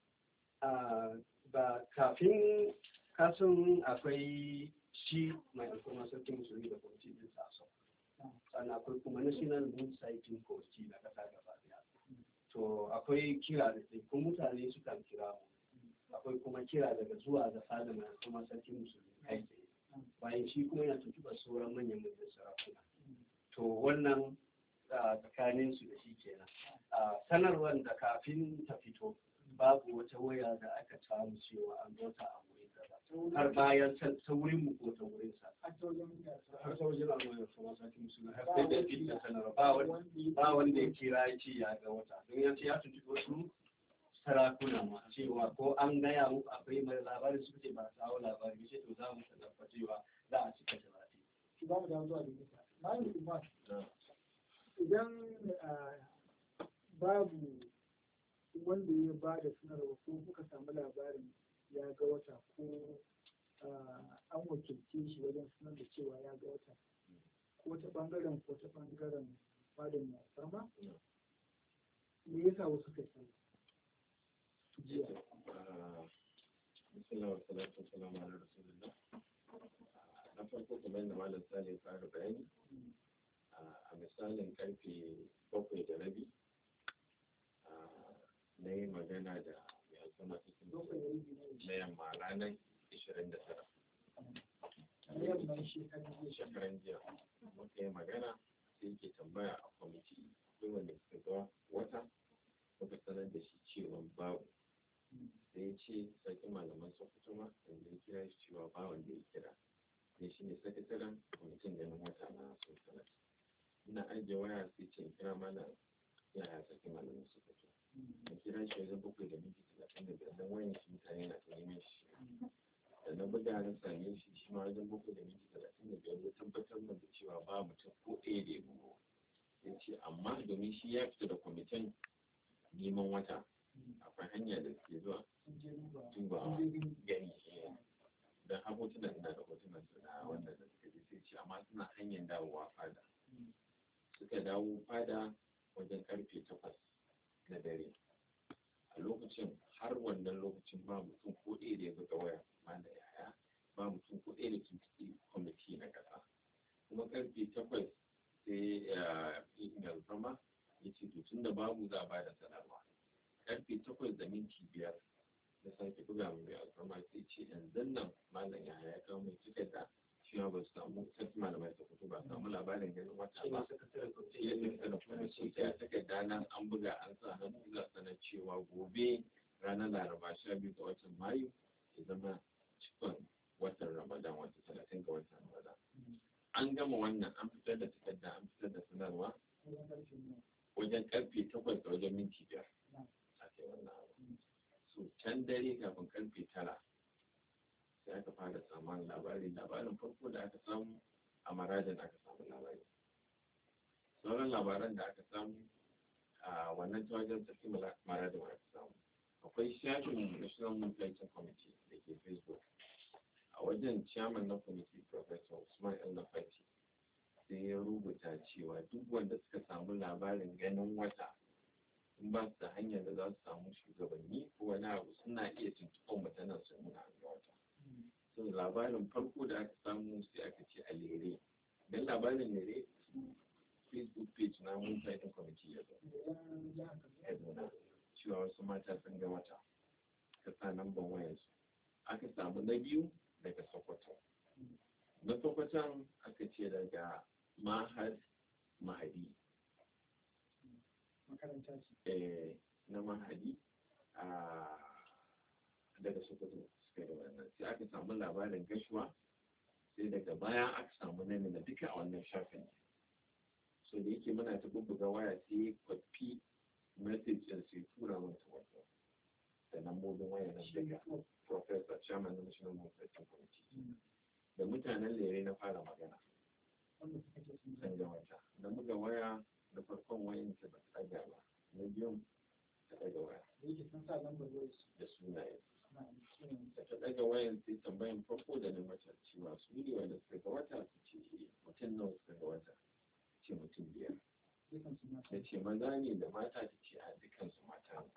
ba kafin kasan akwai shi mai alfarma sarkin musulmi da kwamiti din sasau sannan akwai kuma national moon sighting kwamiti da kasa gaba daya mm. to akwai kira da kun mutane sukan kira mu mm. akwai kuma kira daga zuwa da fada mai alfarma sarkin musulmi kai bayan shi kuma yana tuntuɓa sauran manyan manyan sarakuna to wannan tsakanin su da shi kenan sanarwar da kafin ta fito babu wata waya da aka samu cewa an ta a wuri kaza har bayan ta wurin mu ko ta wurin sa har ta wajen alwayar kuma sake musu har sai da fitta sanarwa ba wanda ya kira ya ce ya ga wata don ya ce ya tuntuɓi wasu sarakuna ma cewa ko an gaya muku akwai mai labarin su ce ba sawo labari ce to za mu tallafa cewa za a cika talatin. Ki ba mu da zuwa da nisa. Malam kuma Idan ah, babu wanda ya ba da sanarwa ko kuka samu labarin ya ga wata ko ah, an wakilce shi wajen sanar da cewa ya ga wata ko ta bangaren ko ta bangaren fadin mai farma me yasa wasu kai sanar na farko kuma yadda malam sale fara bayani a misalin karfe bakwai da rabi na yi magana da mai alfama cikin na yamma ranar ishirin da tara shekaran jiya muka yi magana sai yake tambaya a kwamiti duk wanda wata muka sanar da shi cewa babu Sai ce sarki malaman sun fito ma yanzu ya kira shi cewa ba wanda ya kira ne shi ne sakataren kwamitin ganin wata na sun sanar ina ajiye waya sai ce kira mana yaya sarki malaman sun fito in kira shi wajen bakwai da minti talatin da biyar don wayan shi mutane na ta neman shi da na buga na same shi shi ma wajen bakwai da minti talatin da biyar ya tabbatar min da cewa ba mutum ko ɗaya da ya bugo ya ce amma domin shi ya fita da kwamitin neman wata akwai hanya da suke zuwa duba gani don har hotunan ina da hotunan su na wannan da suka je sai ce amma suna hanyar dawowa fada suka dawo fada wajen karfe takwas na dare a lokacin har wannan lokacin ba mutum ko ɗaya da ya buga waya ma da yaya ba mutum ko ɗaya da ke cikin kwamiti na ƙasa kuma karfe takwas sai ya eh, zama ya ce to da babu za a ba da sanarwa karfe takwas da minti biyar na sake buga mu mai alfarma sai ce yanzu nan malam ya ya kawo mai takarda cewa ba su samu sarki malamai ta fito ba samu labarin ganin wata ba yadda ta da kuma ce ta takarda nan an buga an sa hannu za sanar cewa gobe ranar laraba sha biyu ga watan mayu ya zama cikin watan ramadan wata talatin ga watan ramadan an gama wannan an fitar da takarda an fitar da sanarwa wajen karfe takwas da wajen minti biyar kai wannan abu so can dare kafin karfe tara sai aka fara samun labari labarin farko da aka samu a marajan aka samu labari sauran labaran da aka samu a wannan ta wajen sarki marajin aka samu akwai shafin national mountain committee da ke facebook a wajen chairman na committee professor usman el nafati sai ya rubuta cewa duk wanda suka samu labarin ganin wata in ba su hanyar da za su samu shugabanni ko wani abu suna iya tuntuɓar mutanen su nuna wata sun labarin farko da aka samu sai aka ce a lere don labarin lere facebook page na mun faɗin kwamiti ya zo cewa wasu mata sun ga wata ka sa wayansu aka samu na biyu daga sokoto na sokoton aka ce daga mahad mahadi Makaranta eh, na manhaji a daga sokoto suka da wannan sai aka samu labarin gashuwa sai daga baya aka samu nani na duka a wannan shafin so da yake muna ta bubbuga waya sai kwafi message din sai tura mun ta wata da lambobin waya nan daga professor chairman na national mobility committee mm. da mutanen lere na fara magana san da wata da muga waya da farkon wayan ta ba daga ba na biyun ta daga waya da sunaye da ta daga wayan sai tambayan farko da na mata cewa su ne wanda suka ga wata su ce eh, mutum nawa suka ga wata ce mutum biyar ta ce maza ne da mata ta ce a dukansu mata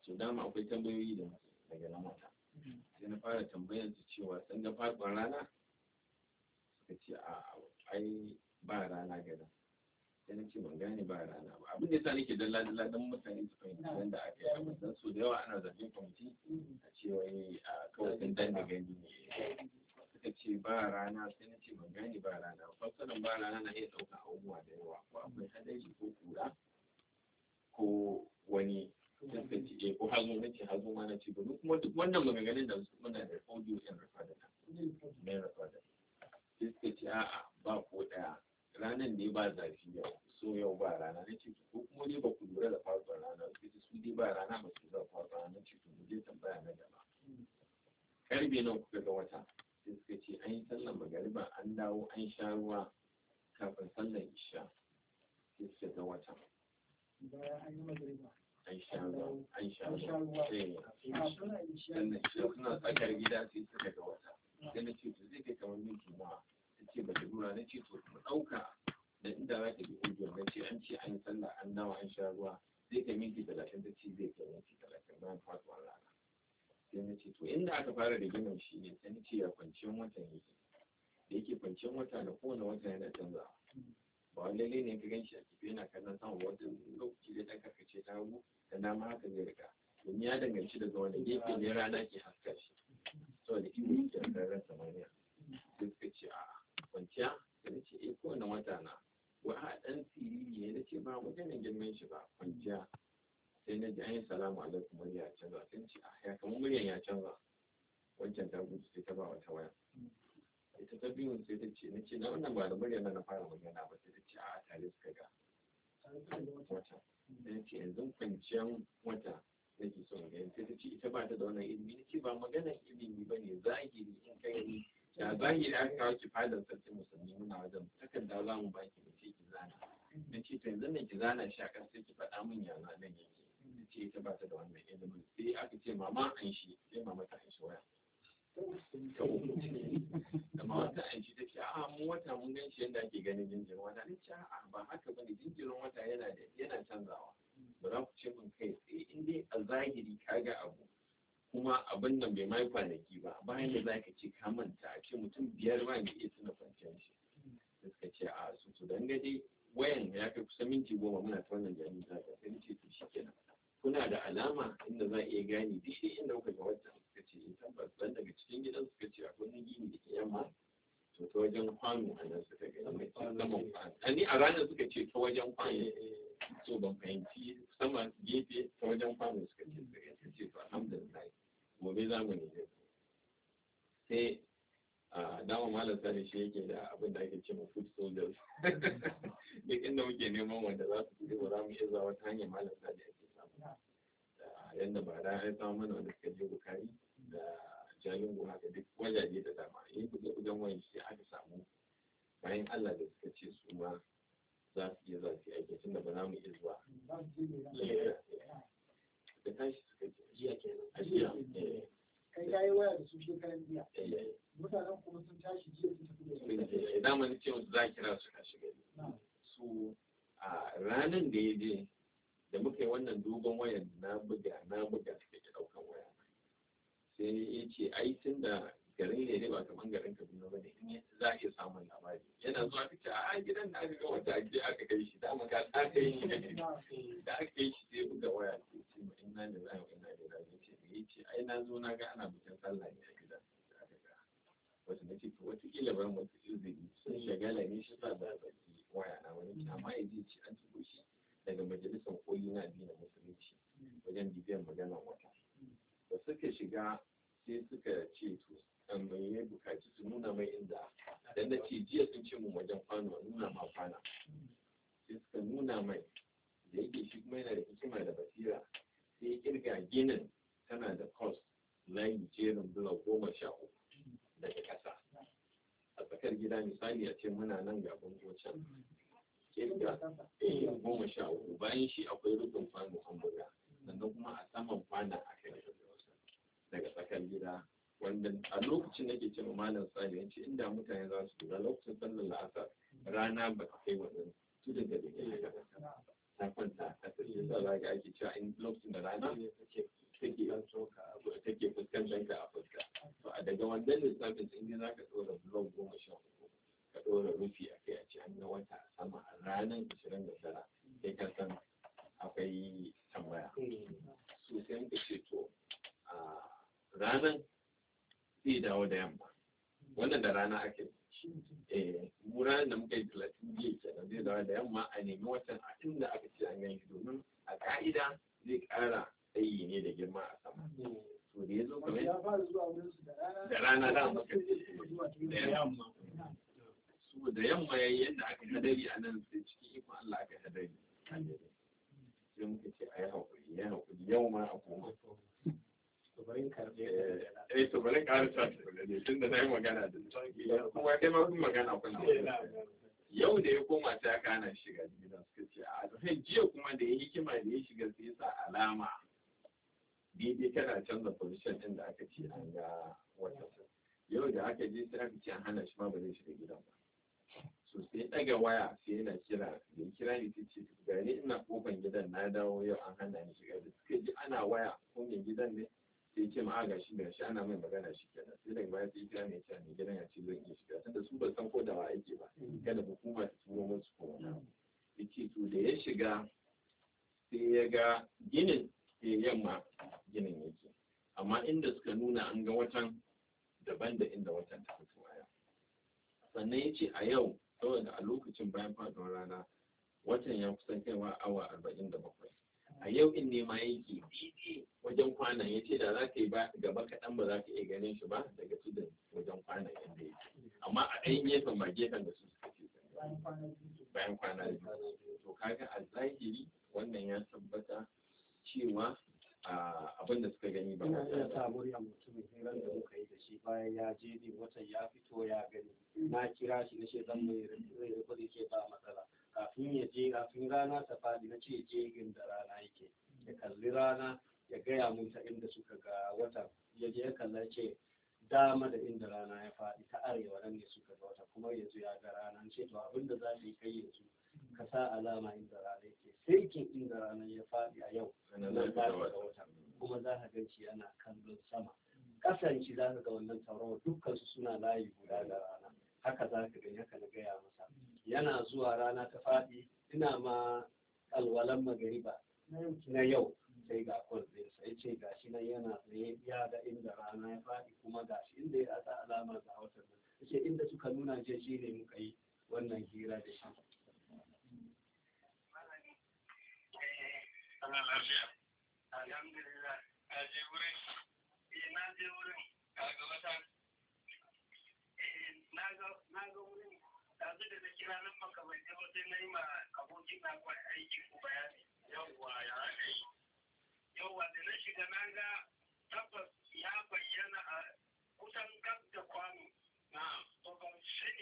su dama akwai tambayoyi da daga na mata mm-hmm. sai na fara tambayar su cewa sun ga farkon rana suka ce a ai ba rana ganin sai nake ban gane ba rana ba abin da yasa nake dalla ladala dan mutane su fahimci yanda aka yi abin dan so da yawa ana zargin kwamiti a ce wai a kawai sun dan da gani ne suka ce ba rana sai nace ban gane ba rana fassaran ba rana na iya ɗaukar abubuwa da yawa ko akwai hadari ko kura ko wani suka ce eh ko hazo nace hazo ma nace ba kuma duk wannan maganganun da muna da audio and recorder na main recorder sai suka ce a'a ba ko ɗaya ranar ne ba zafi yau so yau ba rana na ce ko kuma ne ba ku lura da faɗuwar rana ko ce su dai ba rana ba su za faɗuwar rana ce to je tambaya na gaba karbe nan kuka ga wata sai suka ce an yi sallan magariba an dawo an sha ruwa kafin sallan isha sai suka ga wata an yi magariba an sha ruwa an sha ruwa eh, isha suna tsakar gida sai suka ga wata sai na ce to zai kai kamar min juma'a ta ce ba ta nuna na ce to ku ɗauka da inda za ka bi hujjar na ce an ce an yi sallah an nawa an sha ruwa zai kai minti talatin ta ce zai kai minti talatin bayan fatuwar rana sai na ce to inda aka fara da ginin shi ne sai na ce ya kwanciyar watan yake da yake kwanciyar wata da kowane wata yana canza ba wani lalle ne ka ganshi a kife yana kallon sama wata lokaci zai ɗan karkace ta hagu da dama haka zai riga domin ya danganci daga wani gefe ne rana ke haska shi saboda ihu yake a sararin samaniya sai suka ce a'a kwanciya sai na ce eh wani wata na wa a ɗan siriri ne na ce ba wajen girman shi ba kwanciya sai na ji an yi salamu alaikum murya ya canza sai ce a ya kamar muryan ya canza wancan ta gudu sai ta ba wata waya ita ta biyu sai ta ce na ce na wannan ba da nan na fara magana ba sai ta ce a tare suka ga wata sai ce yanzu kwanciyan wata nake son magana sai ta ce ita ba ta da wannan ilimi na ce ba maganar ilimi ba ne zahiri in kai da zahiri aka kawo ki fadar sarki musulmi muna wajen takarda za mu baki da ce ki zana na ce to yanzu ne ki zana shi a kan sai ki faɗa min ya zanen yake na ce ita ba ta da wannan ilimin sai aka ce mama an shi sai mama ta an shi waya da mama ta an shi ta ce a mun wata mun gan shi yadda ake ganin jinjirin wata na ce a ba haka ba ne jinjirin wata yana canzawa ba za ku ce min kai tsaye in dai a zahiri ka ga abu kuma abin nan bai mai kwanaki ba bayan da zaka ce ka manta a ce mutum biyar ba ne iya tuna kwanciyar shi da suka ce a su su dan gaje wayan ya kai kusan minti goma muna ta wannan jami'in za ka sai ce to shikenan kuna da alama inda za a iya gane duk inda kuka ga wata suka ce in eh, tabbas dan daga cikin gidan suka ce akwai wani gini da ke yamma to ta wajen kwano a nan suka gani mai saman kwano ni a ranar suka ce ta wajen kwano so eh, eh, ban fahimci sama gefe ta wajen kwano suka ce suka ce to alhamdulillah gobe za mu ne sai a dama malam sani shi yake da abin da ake cewa food soldiers *laughs* duk inda muke neman wanda za su fi ba za mu iya zawa ta hanyar malam sani ake samu yadda ba da ya samu mana wanda suka je bukari da jalingo haka duk wajaje da dama yi kuɗi kujen wani shi aka samu bayan allah da suka ce su ma za su iya zafi su yi aiki tunda ba za mu iya zuwa da tashi suka jiya kenan ajiya eh. kai kayi waya da su shekaran jiya eh. mutanen kuma sun tashi jiya sun tafi da shi eh, dama ni ce za kira su ka shiga su a ranan da ya je da muka yi wannan dogon wayan na buga na buga suka ke daukan waya sai ya ce ai tun da garin ne ne ba kaman garin Kaduna bane in in za a iya samun labari yana zuwa ta ce a gidan da aka ga wata ake aka kai shi dama ka ta kai shi da aka kai shi sai buga waya inna da za a inna da za a ce me ce ai na zo na ga ana bikin sallah ne a gida da aka ga wasu na ce to watakila ba mu su izini sun shagala ne shi sa ba waya na wani amma ya je ce an tuko shi daga majalisar koli na biyu musulunci wajen bibiyar maganar wata da suka shiga sai suka ce to mai ya bukaci su nuna mai inda dan da ce jiya sun ce mu wajen kwano nuna ma kwana sai suka nuna mai da yake shi kuma yana da hikima da basira sai kirga ginin tana da cost layin jerin bula goma sha uku daga ƙasa a tsakar gida misali a ce muna nan ga bangocin kirga eh, goma sha uku bayan shi akwai rufin kwano an buga sannan kuma a saman kwana a kai daga tsakar gida wanda a lokacin nake cewa malam sani yace inda mutane za su lura lokacin sallar la'asar rana ba ta kai wannan tudun da ke haka ta a ta tafi za ga ake cewa in lokacin da rana ne take take fuskantar ka a fuska to a daga wannan lissafin in za ka ɗora bulon goma sha uku ka ɗora rufi a kai a ce an ga wata sama a ranar ashirin da tara sai ka san akwai tambaya so sai muka ce to ranar zai dawo da yamma wannan da rana ake wuraren eh, da muka yi talatin biyu kenan zai zama da yamma a nemi watan a inda aka ce an ganshi domin a ka'ida zai ƙara tsayi ne da girma a sama to da ya zo kamar da rana da muka ce da yamma su da yamma yayi yadda aka hadari a nan sai cikin ikon Allah aka hadari sai muka ce a yi haƙuri ya haƙuri yau ma a koma Eh, eh to bari ƙara sa tun da na yi magana da kuma kai ma kun magana kuna eh, yau da ya koma ta kana shiga gidan suka ce a alhain jiya kuma da ya hikima da ya shiga sai sa alama daidai tana canza position ɗin da aka ce an ga wata yau da aka je sai aka ce an hana shi ma ba zai shiga gidan ba so sai ɗaga waya sai yana kira da ya kira ni ta gari ina kofan gidan na dawo yau an hana ni shiga da suka ji ana waya ko mai gidan ne sai ce ma ga shi ga shi ana mai magana shi kenan sai daga baya sai kira mai cewa mai gina ya ce zan iya shiga tunda su ba san ko da wa yake ba kada hukuma ta turo musu ko ya ce to da ya shiga sai ya ga ginin sai yamma ginin yake amma inda suka nuna an ga watan daban da inda watan ta fito a yau sannan ya ce a yau saboda a lokacin bayan faɗuwar rana watan ya kusan kaiwa awa arba'in da bakwai a yau in ne ma yake wajen kwana ya ce da za ka yi gaba kaɗan ba za ka iya ganin shi ba daga tudun wajen kwana yadda ya amma a ɗayan gefen ba gefen da su suka ce bayan kwana biyu to kaga a zahiri wannan ya tabbata cewa abin da suka gani ba ya sa a mutumin hirar da muka yi da shi bayan ya je ne watan ya fito ya gani na kira shi na ce zan mai rabu da ke ba matsala kafin ya je kafin rana ta faɗi na ce je inda rana yake ya kalli rana ya gaya mun ta inda suka ga wata ya je ya kalla ce dama da inda rana ya faɗi ta arewa nan ne suka ga wata kuma yanzu ya ga rana ce to abin da za ka yi kai yanzu ka sa alama inda rana yake sai kin inda rana ya faɗi a yau nan za wata kuma za ka ganci yana kallon sama kasan shi za ka ga wannan tauraro dukkan su suna layi guda da rana haka za ka gani haka na gaya masa yana zuwa rana ta faɗi ina ma alwalan magariba na yau sai ga kwan sai ce gashi nan yana tsaye ya ga inda rana ya faɗi kuma gashi inda ya sa alamar ga watan nan ce inda suka nuna je shi ne muka yi wannan hira da shi Alhamdulillah, a je wurin, ina eh, je wurin, a ga wata kira nan baka bai je sai na yi ma abokin akwai kwa aiki ko bayani yawwa ya aka yi yawwa da na shiga na ga tabbas ya bayyana a kusan gab da kwano na to ban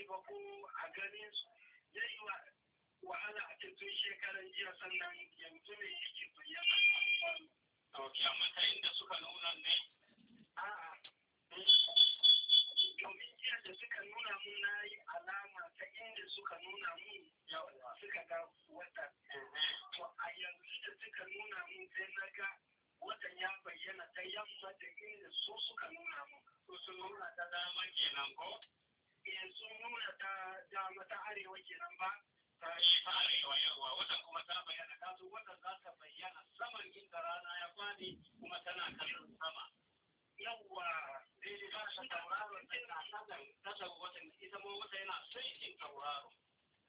ba ko a ganin su Ya yi wahala a ce shekaran jiya sannan yanzu ne yake bayyana a kwano. Ok, suka nuna ne? A'a. domin jiya da suka nuna mun na yi alama ta inda suka nuna mun suka ga wata to a yanzu da suka nuna mun sai na ga watan ya bayyana ta yamma da inda su suka nuna mun su sun nuna ta dama kenan ko eh nuna ta dama ta arewa kenan ba ta arewa yawa watan kuma ta bayyana ta zo watan za ta bayyana saman inda rana ya fadi kuma tana kallon sama yawwa eh ba shi tauraro sai na sadan sadan wata ita ma wata yana son shi tauraro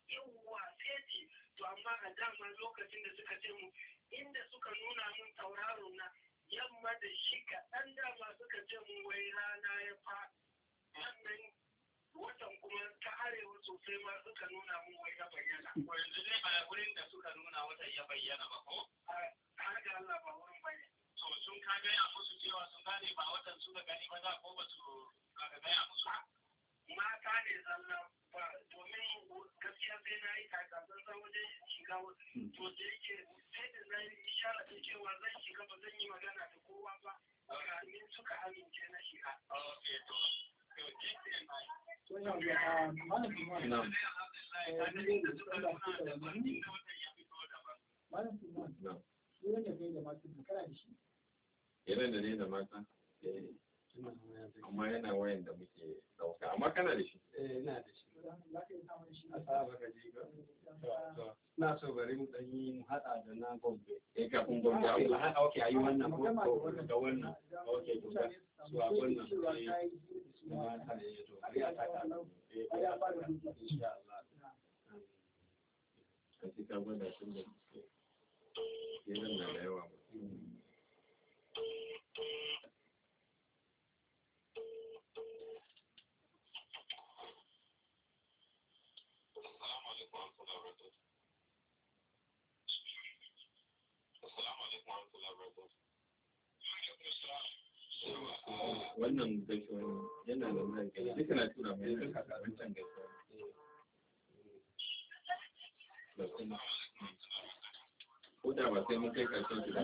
yawwa sai to amma a dama lokacin da suka ce mu inda suka nuna mun tauraro na yamma da shi kaɗan dama suka ce wai rana ya fa wannan watan kuma ta arewa sosai ma suka nuna mun wai ya bayyana. Yanzu ne ba wurin da suka nuna watan ya bayyana ba ko? Har ga Allah ba wurin bayyana. so sun ka gaya musu cewa sun gane ba watan suka gani ba za ko ba su ka gaya musu mata ne zallan ba domin gaskiya sai na yi kakasar san wajen shiga to da yake sai da na yi shara da cewa zan shiga ba zan yi magana da kowa ba kamin suka amince na shiga. Ok, to. Ah, Malam Suleiman, eh, shi wanda bai da masu kana da shi? yana da ne da mata eh, amma yana wayan da muke dauka amma kana da shi eh, ina da shi a je ga na so bari mu dan yi mu hada da na gombe eh kafin gombe ah, a wula hada okay ayi wannan ko da wannan okay to ga a wannan eh kuma ta ne to ari a taka eh ya fara insha Allah ka ka gwada tun da yana da yawa mutum wannan gaisuwa yana da wannan duka na tura mai yanzu kaka wancan gaisuwa ko da ba sai mun kai karshen shi ba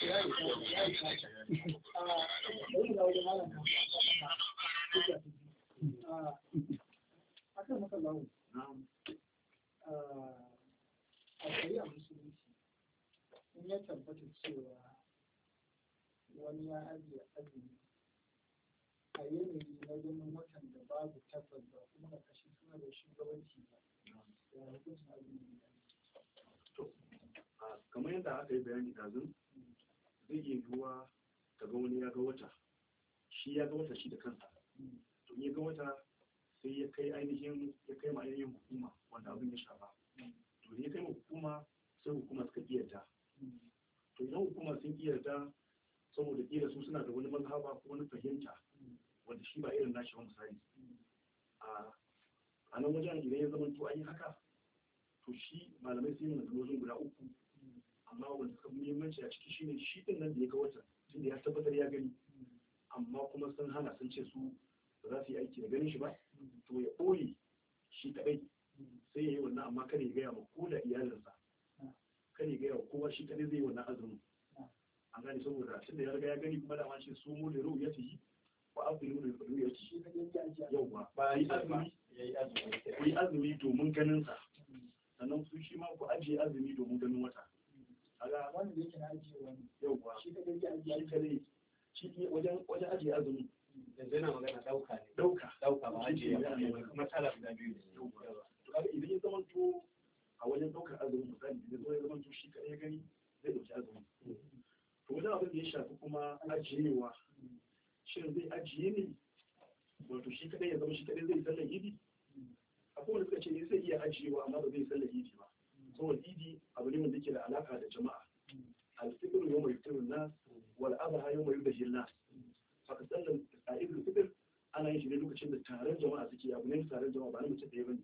akan maka a musulunci cewa wani ya ajiye azumi a yanayi na watan da babu tabbas ba shugabanci kamar yadda aka yi bayani zai iya yiwuwa ga wani ya ga wata shi ya ga wata shi da kansa to ya ga wata sai ya kai ainihin ya kai ma ainihin hukuma wanda abin ya shafa to ya kai hukuma sai hukuma suka kiyarta to idan hukuma sun kiyarta saboda kila su suna da wani mazhaba ko wani fahimta wanda shi ba irin nashi ba misali a nan wajen idan ya zama to an haka to shi malamai sun yi guda uku amma wanda suka muhimmanci a ciki shine shi din nan da ya ga watan tunda ya tabbatar ya gani amma kuma sun hana sun ce su ba za su yi aiki da ganin shi ba to ya ɓoye shi kaɗai sai ya yi wannan amma kada ya gaya ma ko da iyalinsa kada ya gaya wa kowa shi kaɗai zai yi wannan azumin an gane saboda da ya riga ya gani kuma da ce su mu da ruwa ya yi ba abu da ruhu ya ci ba ba yi azumi ku yi azumi domin ganin sa sannan su shi ma ku ajiye azumi domin ganin wata kaga da yake na ajiye wani yauwa shi kadai yake aji an kare shi wajen wajen aji azumi yanzu yana magana dauka ne dauka dauka ba aji ya matsala guda biyu ne to kaga idan ya zamanto a wajen daukar azumi misali idan ya zamanto shi kadai ya gani zai dauki azumi to wajen abin da ya shafi kuma ajiyewa shin zai ajiye ne wato shi kadai ya zama shi kadai zai sallar idi akwai wanda suka ce zai iya ajiyewa amma ba zai sallar idi ba saboda idi abu ne wanda yake da alaka da jama'a Al-Sibiru alfitr yawma yutiru nas wal adha yawma yudhi nas haka sallan sa'idul fitr ana yin shi ne lokacin da taron jama'a suke abu ne taron jama'a ba na mutum ɗaya bane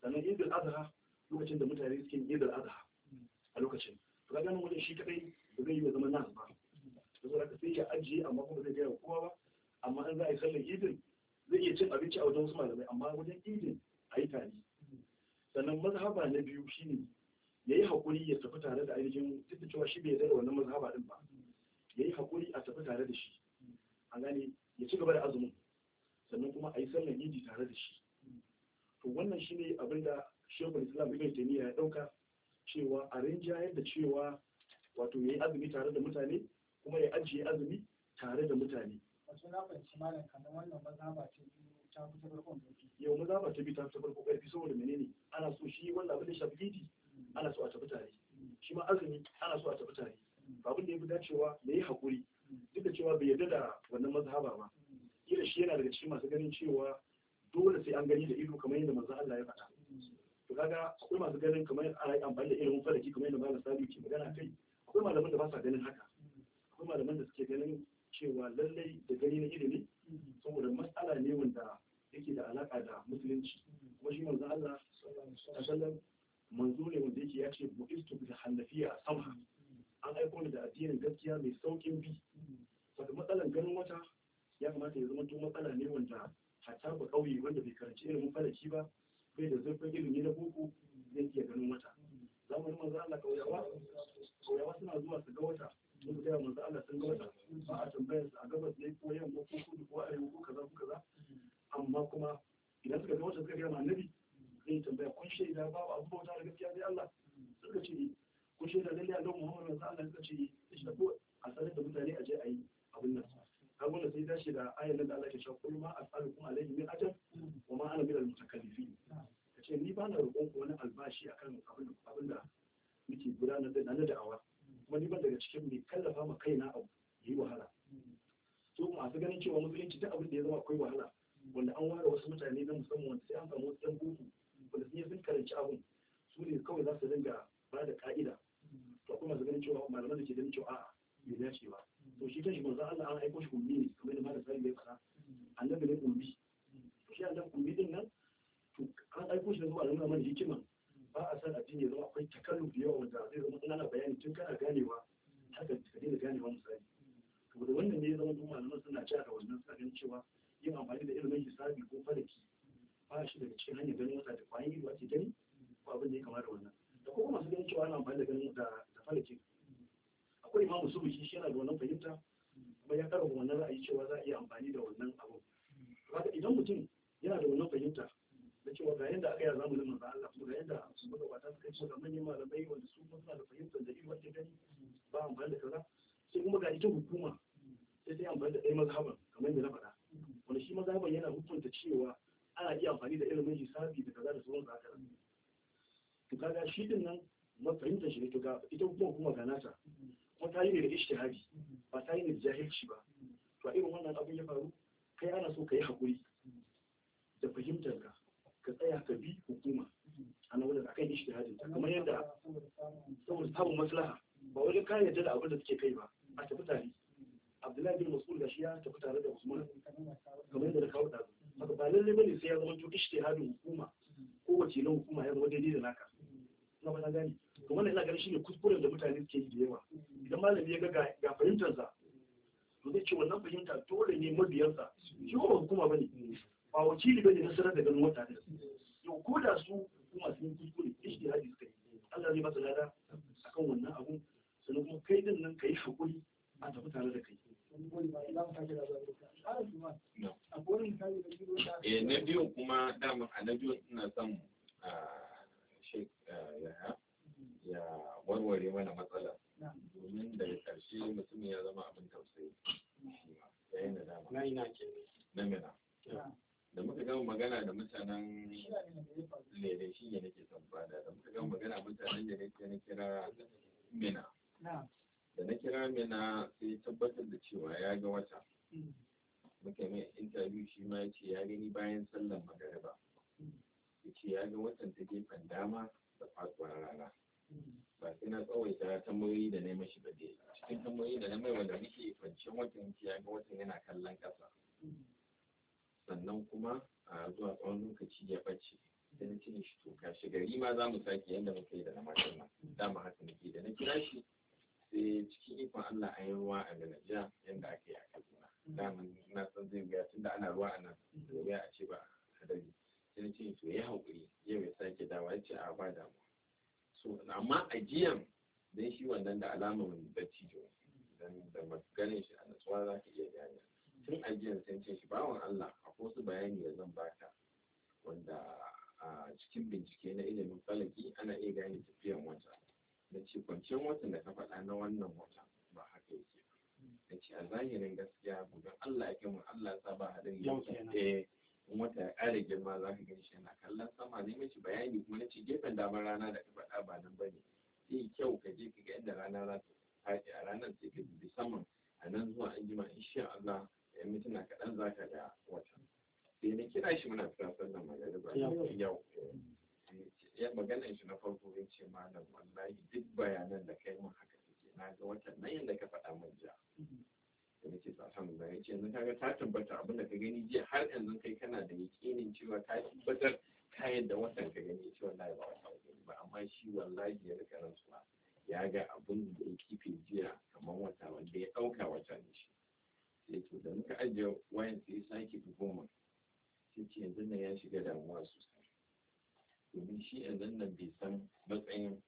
sannan idul adha lokacin da mutane suke idul adha a lokacin to kaga nan wajen shi kadai ba zai yi zama nan ba to saboda sai ya ajiye amma kuma zai ga kowa ba amma in za a yi sallar idin zai iya cin abinci a wajen wasu malamai amma wajen idin a yi tari. sannan mazhaba na biyu shine ya yi haƙuri ya tafi tare da ainihin duk da cewa shi bai zai wannan mazhaba din ba ya yi haƙuri a tafi tare da shi a gane ya ci gaba da azumin sannan kuma a yi sallan idi tare da shi to wannan shi ne abin da shekul islam ibn taimiyya ya ɗauka cewa a rinjayar da cewa wato ya yi azumi tare da mutane kuma ya ajiye azumi tare da mutane wato na fahimci malam kamar wannan mazhaba ce ta fi ta farkon yau mazhaba ta bi ta fi ta farkon ƙarfi saboda menene ana so shi wanda abin da shafi idi ana so a tafi tare shi ma azumi ana so a tafi tare abin da ya fi dacewa ya yi haƙuri duk da cewa bai yarda da wannan mazhaba ba kila shi yana daga cikin masu ganin cewa dole sai an gani da ido kamar yadda manzo Allah ya faɗa to kaga akwai masu ganin kamar ana yi amfani da ilimin faraki kamar yadda malam Sabi ke magana kai akwai malaman da ba sa ganin haka akwai malaman da suke ganin cewa lallai da gani na ilimi saboda matsala ne wanda yake da alaka da musulunci kuma shi manzo Allah sallallahu alaihi wasallam manzo ne wanda yake ya ce bu'istu bi a sauha an aiko ni da addinin gaskiya mai saukin bi saboda matsalan ganin wata ya kamata ya zama to matsala ne wanda hatta ba kauye wanda bai karanci ilimin falaki ba bai da zurfin ilimi na boko zai iya ganin wata zamanin manzo Allah kauyawa kauyawa suna zuwa su ga wata sun ga manzo Allah sun ga wata ba a tambayar su a gabas ne ko yamma ko kudu ko arewa ko kaza ko kaza amma kuma idan suka ga wata suka ga annabi zai tambaya kun shaida babu abin bauta da gaskiya sai Allah suka ce kun shaida lalle Allah Muhammadu manzo Allah suka ce shi da a da mutane a je a yi abin nan abin da sai ta shi da ayyana da Allah ke cewa kullu ma as'alukum alayhi min ajr wa ma ana min al-mutakallifin kace ni ba na roƙon ku wani albashi akan abin abin da muke gudanar da na da'awa kuma ni ban daga cikin mai kallafa ma kaina abu yi wahala to masu ganin cewa musulunci duk abin da ya zama akwai wahala wanda an ware wasu mutane na musamman sai an samu wasu ɗan gugu wanda sun yi sun karanci abun su ne kawai za su dinga ba da ka'ida to kuma su ganin cewa malaman da ke ganin cewa a'a bai dace ba to shi kanshi manzo Allah an aiko shi ummi ne kamar yadda malam sai bai fara annabi ne ummi to shi annabi ummi din nan to an aiko shi zuwa nuna mana hikima ba a san addini ya zama akwai takalluf da yawa wanda zai zama kana bayani tun kana ganewa haka ka daina ganewa misali to da wannan ne ya zama duk malaman suna cewa da wannan suna ganin cewa yin amfani da ilimin hisabi ko falaki ba shi daga cikin hanyar ganin wata da kwayan yi wace gani ko abin da ya kama da wannan da kuma masu ganin cewa ana amfani da ganin da fara falaki akwai Imam su shi yana da wannan fahimta kuma ya karɓa wannan ra'ayi cewa za a iya amfani da wannan abu kaga idan mutum yana da wannan fahimta da cewa ga yadda aka yi a zamanin manzo Allah kuma ga yadda su ga wata kai su ga manyan malamai wanda su kuma suna da fahimtar da irin wata gani ba amfani da kaza sai kuma ga ita hukuma sai sai amfani da ɗaya mazhaban kamar yadda na faɗa wanda shi mazhaban yana hukunta cewa ana iya amfani da ilimin hisabi da kaza da sauran da aka rabu to kaga shi din nan mafahimtar shi ne to ga ita kuma kuma ga ta, kuma ta yi ne da ishtihadi ba ta yi ne da jahilci ba to a irin wannan abin ya faru kai ana so ka yi haƙuri da fahimtar ka ka tsaya ka bi hukuma a nan wajen akan ishtihadin ta kamar yadda saboda samun maslaha ba wajen ka yadda da abin da suke kai ba a tafi tare abdullahi bin mas'ud shi ya tafi tare da usman kamar yadda da kawo ɗazu ba lalle bane sai ya zama to ishtihadin hukuma ko wace na hukuma ya zama daidai da naka na ba gani to wannan ina ganin shine kuskuren da mutane suke yi da yawa idan malami ya ga ga fahimtar sa to zai ce wannan fahimta dole ne mabiyansa shi ba hukuma bane ba wakili bane na sanar da ganin wata ne yau ko da su hukuma sun kuskure ishtihadi suka yi Allah zai masa lada akan wannan abu sannan kuma kai din nan kai hakuri a tafi tare da kai Eh, na biyu kuma dama a na biyu suna son ah, ah, ya warware mana matsala domin daga ƙarshe mutumin ya zama abin tausayi yayin da dama na ina ke na mina da muka gama magana da mutanen lere shi ne nake son bada da muka gama magana mutanen da nake na kira mina da na kira mina sai tabbatar da cewa ya ga wata mm. muka mai interview shi ma ya ce ya gani bayan sallar magariba ya ce ya ga watan ta gefen dama da faduwar rana mm. ba sai na tsawaita tambayoyi da na shi ba cikin tambayoyi da na wanda muke kwanciyar watan ya ga watan yana kallon kasa mm. sannan kuma a zuwa tsawon lokaci ya ɓace da na cire shi to kashi gari ma za mu sake yadda muka yi da na matan nan dama haka nake da na kira shi sai cikin ikon Allah an yi ruwa a Ganaja yadda ake a Kaduna. Daman na san zai wuya da ana ruwa a nan da wuya a ce ba hadari. Sai ce to ya haƙuri yau ya sake dawa ya ce a ba damu. So amma ajiyan dan shi wannan da alamar dattijo dan da maganin shi a natsuwa za ka iya gane. Tun ajiyan sai ce shi bawan Allah a wasu bayani da zan baka wanda a cikin bincike na ilimin falaki ana iya gane tafiyan wata. na ce kwanciyar watan da ka faɗa na wannan wata ba haka yake na ce a zahirin gaskiya gudun Allah ya mu Allah ya ba hadari yau eh in wata ya ƙara girma za ka gani shi yana kallon sama ne mace bayani kuma na ce gefen damar rana da ka faɗa ba nan ba ne sai kyau ka je ka ga inda rana za ta fadi a ranar sai ka dubi saman a nan zuwa an jima insha Allah da yan kaɗan za ka ga wata sai na kira shi muna fita magana ba yau yau eh. ya maganar shi na farko ya ce malam wallahi duk bayanan da kai mun haka take na ga watan nan yadda ka faɗa mun ja da nake tsasan da ya ce yanzu kaga ta tabbata abin da ka gani jiya har yanzu kai kana da yakinin cewa ka tabbatar kayan da watan ka gani cewa wallahi ba wata gani ba amma shi wallahi ya rika rantsuwa ya ga abun da ya kife jiya kamar wata wanda ya ɗauka wata ne shi sai to da muka ajiye wayan sai sake tuhumar sai ce yanzu nan ya shiga damuwa sosai domin shi yanzu nan bai san matsayin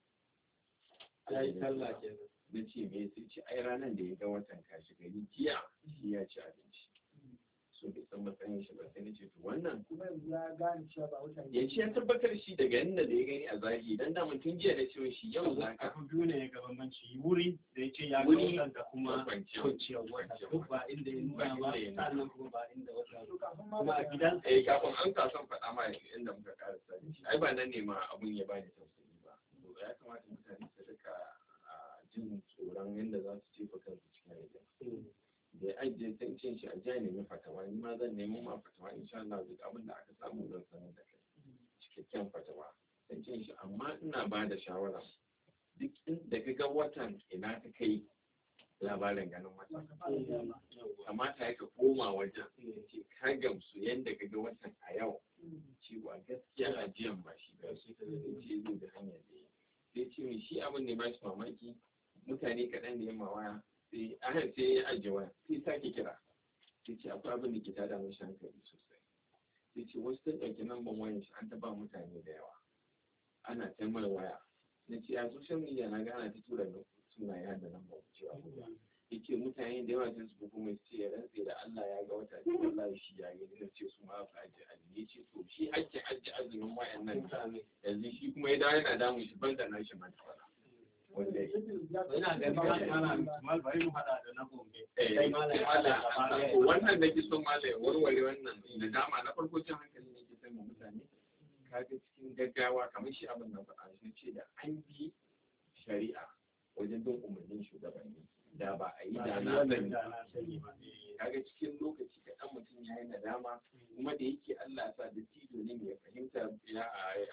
ya yi sallah ke na ce me sai ce ai ranar da ya ga watan kashi gari jiya shi ya ci abinci so bai san matsayin shi ba sai na ce to wannan ya gane ya tabbatar shi daga yadda da ya gani a zahiri dan da mutum jiya da cewa shi yau za ka abu biyu ne ga bambanci wuri da ya ce ya ga wutan da kuma kwanciyar wata duk ba inda ya nuna ba sannan kuma ba inda wata kuma a gidan eh kafin an ka san faɗa ma inda muka karasa shi ai ba nan ne ma abun ya bani tausayi ba ya kamata mutane su rika ah, jin tsoron yadda za su jefa kansu cikin rayuwa hmm. da ya ajiye ta ce shi a jiya nemi fatawa ni ma zan nemi ma fatawa insha Allah duk abin da aka samu zan sanar da kai cikakken fatawa sai ce shi amma ina ba da shawara duk inda ka ga watan ina ka kai labarin ganin wata kamata ya ka koma wajen ce ka gamsu yadda ka ga watan a yau cewa gaskiya ajiyan ba shi ba shi ta zai ce zai da hanyar da ya sai ce shi abin ne ba shi mamaki mutane kaɗan da ya mawaya sai eh, a har sai ya ajiye sai sake kira sai ce akwai abin da ke tada hankali sosai sai ce wasu sun ɗauki namban wayan shi an taɓa mutane da yawa ana ta mai waya na ce a social media na gana ta tura da sunaye da namban cewa yake mutane da yawa sun su kuma ce ya rantse da Allah ya ga wata ce wallahi shi ya gani na ce su ma fa aje ya ce to shi ake ajiye azumin wayannan yanzu shi kuma ya dawo yana damun shi banda na shi ma ta wannan da ke son malai warware wannan da dama na farkocin hankali ne ke sai mu mutane kaga cikin gaggawa kamar shi abin da faɗa shi ce da an bi shari'a wajen bin umarnin shugabanni da ba a yi da na sani kaga cikin lokaci kaɗan mutum ya yi nadama kuma da yake Allah sa da tido ne ya fahimta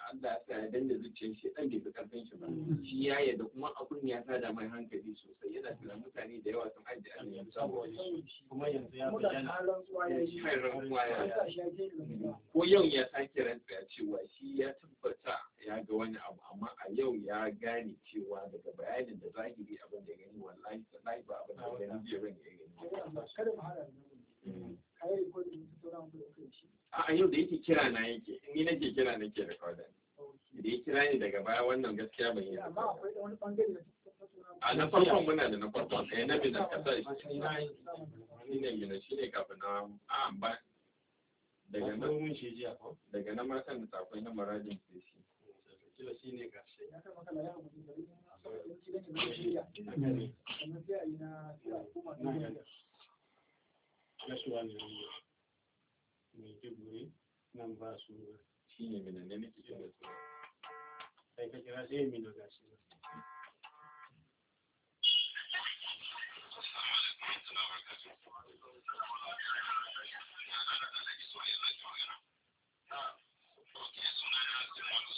Allah sa ya danna zuciyar shi dan bai shi ba shi ya da kuma abun ya sa da mai hankali sosai yana da mutane da yawa sun ajiye an yi saboda kuma yanzu ya bayyana ko yau ya sake rantsa cewa shi ya tabbata ya ga wani abu amma a yau ya gane cewa daga bayanin da zahiri abin da gani wallahi wallahi ba abin da gani bai ban ya gani kada mu hada kai ko da mutum sauran ku da kai shi a yau da yake kira na yake ni nake kira nake da kawai da ya kira ni daga baya wannan gaskiya bai yi amma akwai wani bangare da a na farkon muna da na farkon Sai eh, na bidan kasa shi ne yi. gina shi ne kafin na a ba daga nan mun shi jiya daga nan ma kan da na marajin sai shi ba shi ne ƙarshe. Na shi ba su shi ne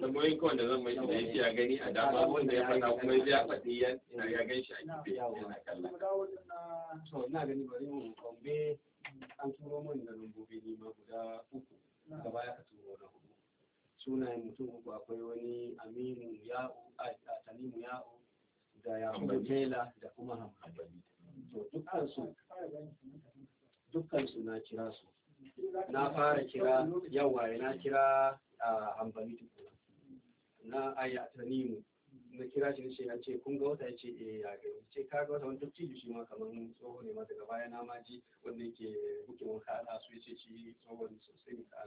tambayoyin kawai da zan mai da yake a gani a dama wanda ya faɗa kuma ya faɗi ya gan shi a gefe yana kalla. To ina gani bari mu kwambe an turo min da rumbobi ni ma guda uku gaba ya ka turo na sunayen mutum uku akwai wani aminu ya'u a ya'u da yakubu tela da kuma hambali to dukkansu su na kira su na fara kira yawa na kira a hambali tukuna na ayatanimu na kira shi nace ya ce kun ga wata ya ce eh, ya ga ce ka ga wata wani dattijo shi ma kamar tsoho ne ma daga baya na ma ji wanda yake buke wanka ala su yace shi tsoho ne sosai ne ka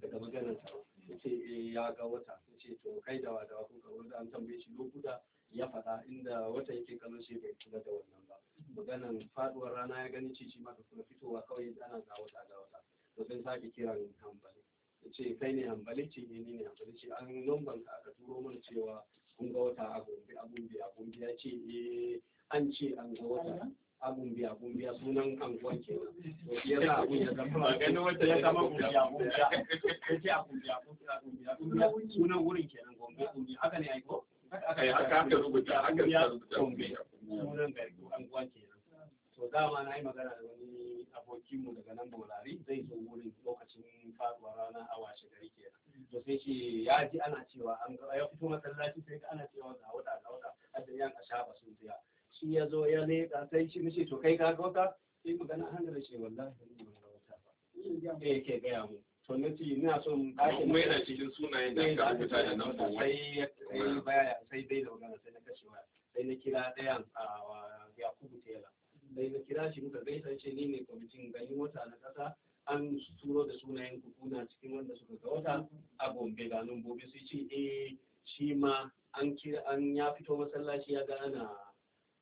daga maganar ta yace eh, ya ga wata ce to kai da wa da wa kuka wanda an tambaye shi lokuta ya faɗa inda wata yake kallon shi bai kula da wannan ba Maganar faduwar rana ya gani ci shi ma ta kuma fitowa kawai ana ga wata da wata to sai sake kiran hambali ce kai ne hambali ce eh, ni ne hambali ce an numban ka aka turo mana cewa an ga wata a gombe a gombe a gombe ya ce eh an ce an ga wata sunan anguwan kenan to ya sa abun ya zama ganin wata ya zama abun biya abun biya sunan wurin kenan gombe gombe haka ne ko sunan gari kenan to dama na yi magana da wani abokinmu daga nan bolari zai zo wurin lokacin faduwar rana awa washe kenan to sai shi ya ji ana cewa an ga ya fito masallaci sai ga ana cewa ga wata ga wata hadda yan ashaba sun tsaya shi ya zo ya leƙa sai shi nace to kai ka ga wata sai magana an da shi wallahi ban ga wata ba sai yake gaya mu to nace ina son ɗakin mai da cikin sunayen da aka rubuta da nan sai sai baya sai dai da magana sai na kashe waya sai na kira ɗayan a Yakubu Tela sai na kira shi muka gaisa ce ni ne kwamitin ganin wata na ƙasa an turo da sunayen kukuna cikin wanda suka ga wata a gombe ga numbobi sai ce eh shi ma an an ya fito masallaci ya ga ana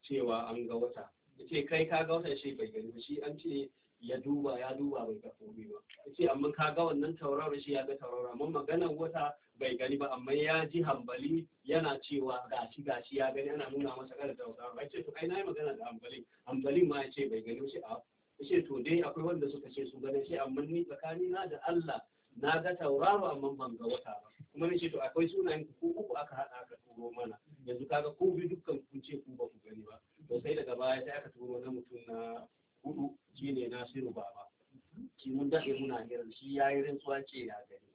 cewa an ga wata yace kai ka ga wata shi bai gani ba? shi an ce ya duba ya duba bai ga komai ba yace amma ka ga wannan tauraro shi ya ga tauraro amma maganar wata bai gani ba amma ya ji hambali yana cewa gashi gashi ya gani ana nuna masa kada tauraro yace to na nayi magana da hambali hambalin ma yace bai gani shi a ce to dai akwai wanda suka ce su gane sai amma ni tsakani na da Allah na ga tauraro amma ban ga wata ba kuma ni ce to akwai sunayen ku uku aka hada aka turo mana yanzu kaga ku bi dukkan kun ce ku ba ku gani ba to sai daga baya sai aka turo na mutum na hudu shine Nasiru Baba shi mun shi muna hira shi yayi rantsuwa ce ya gani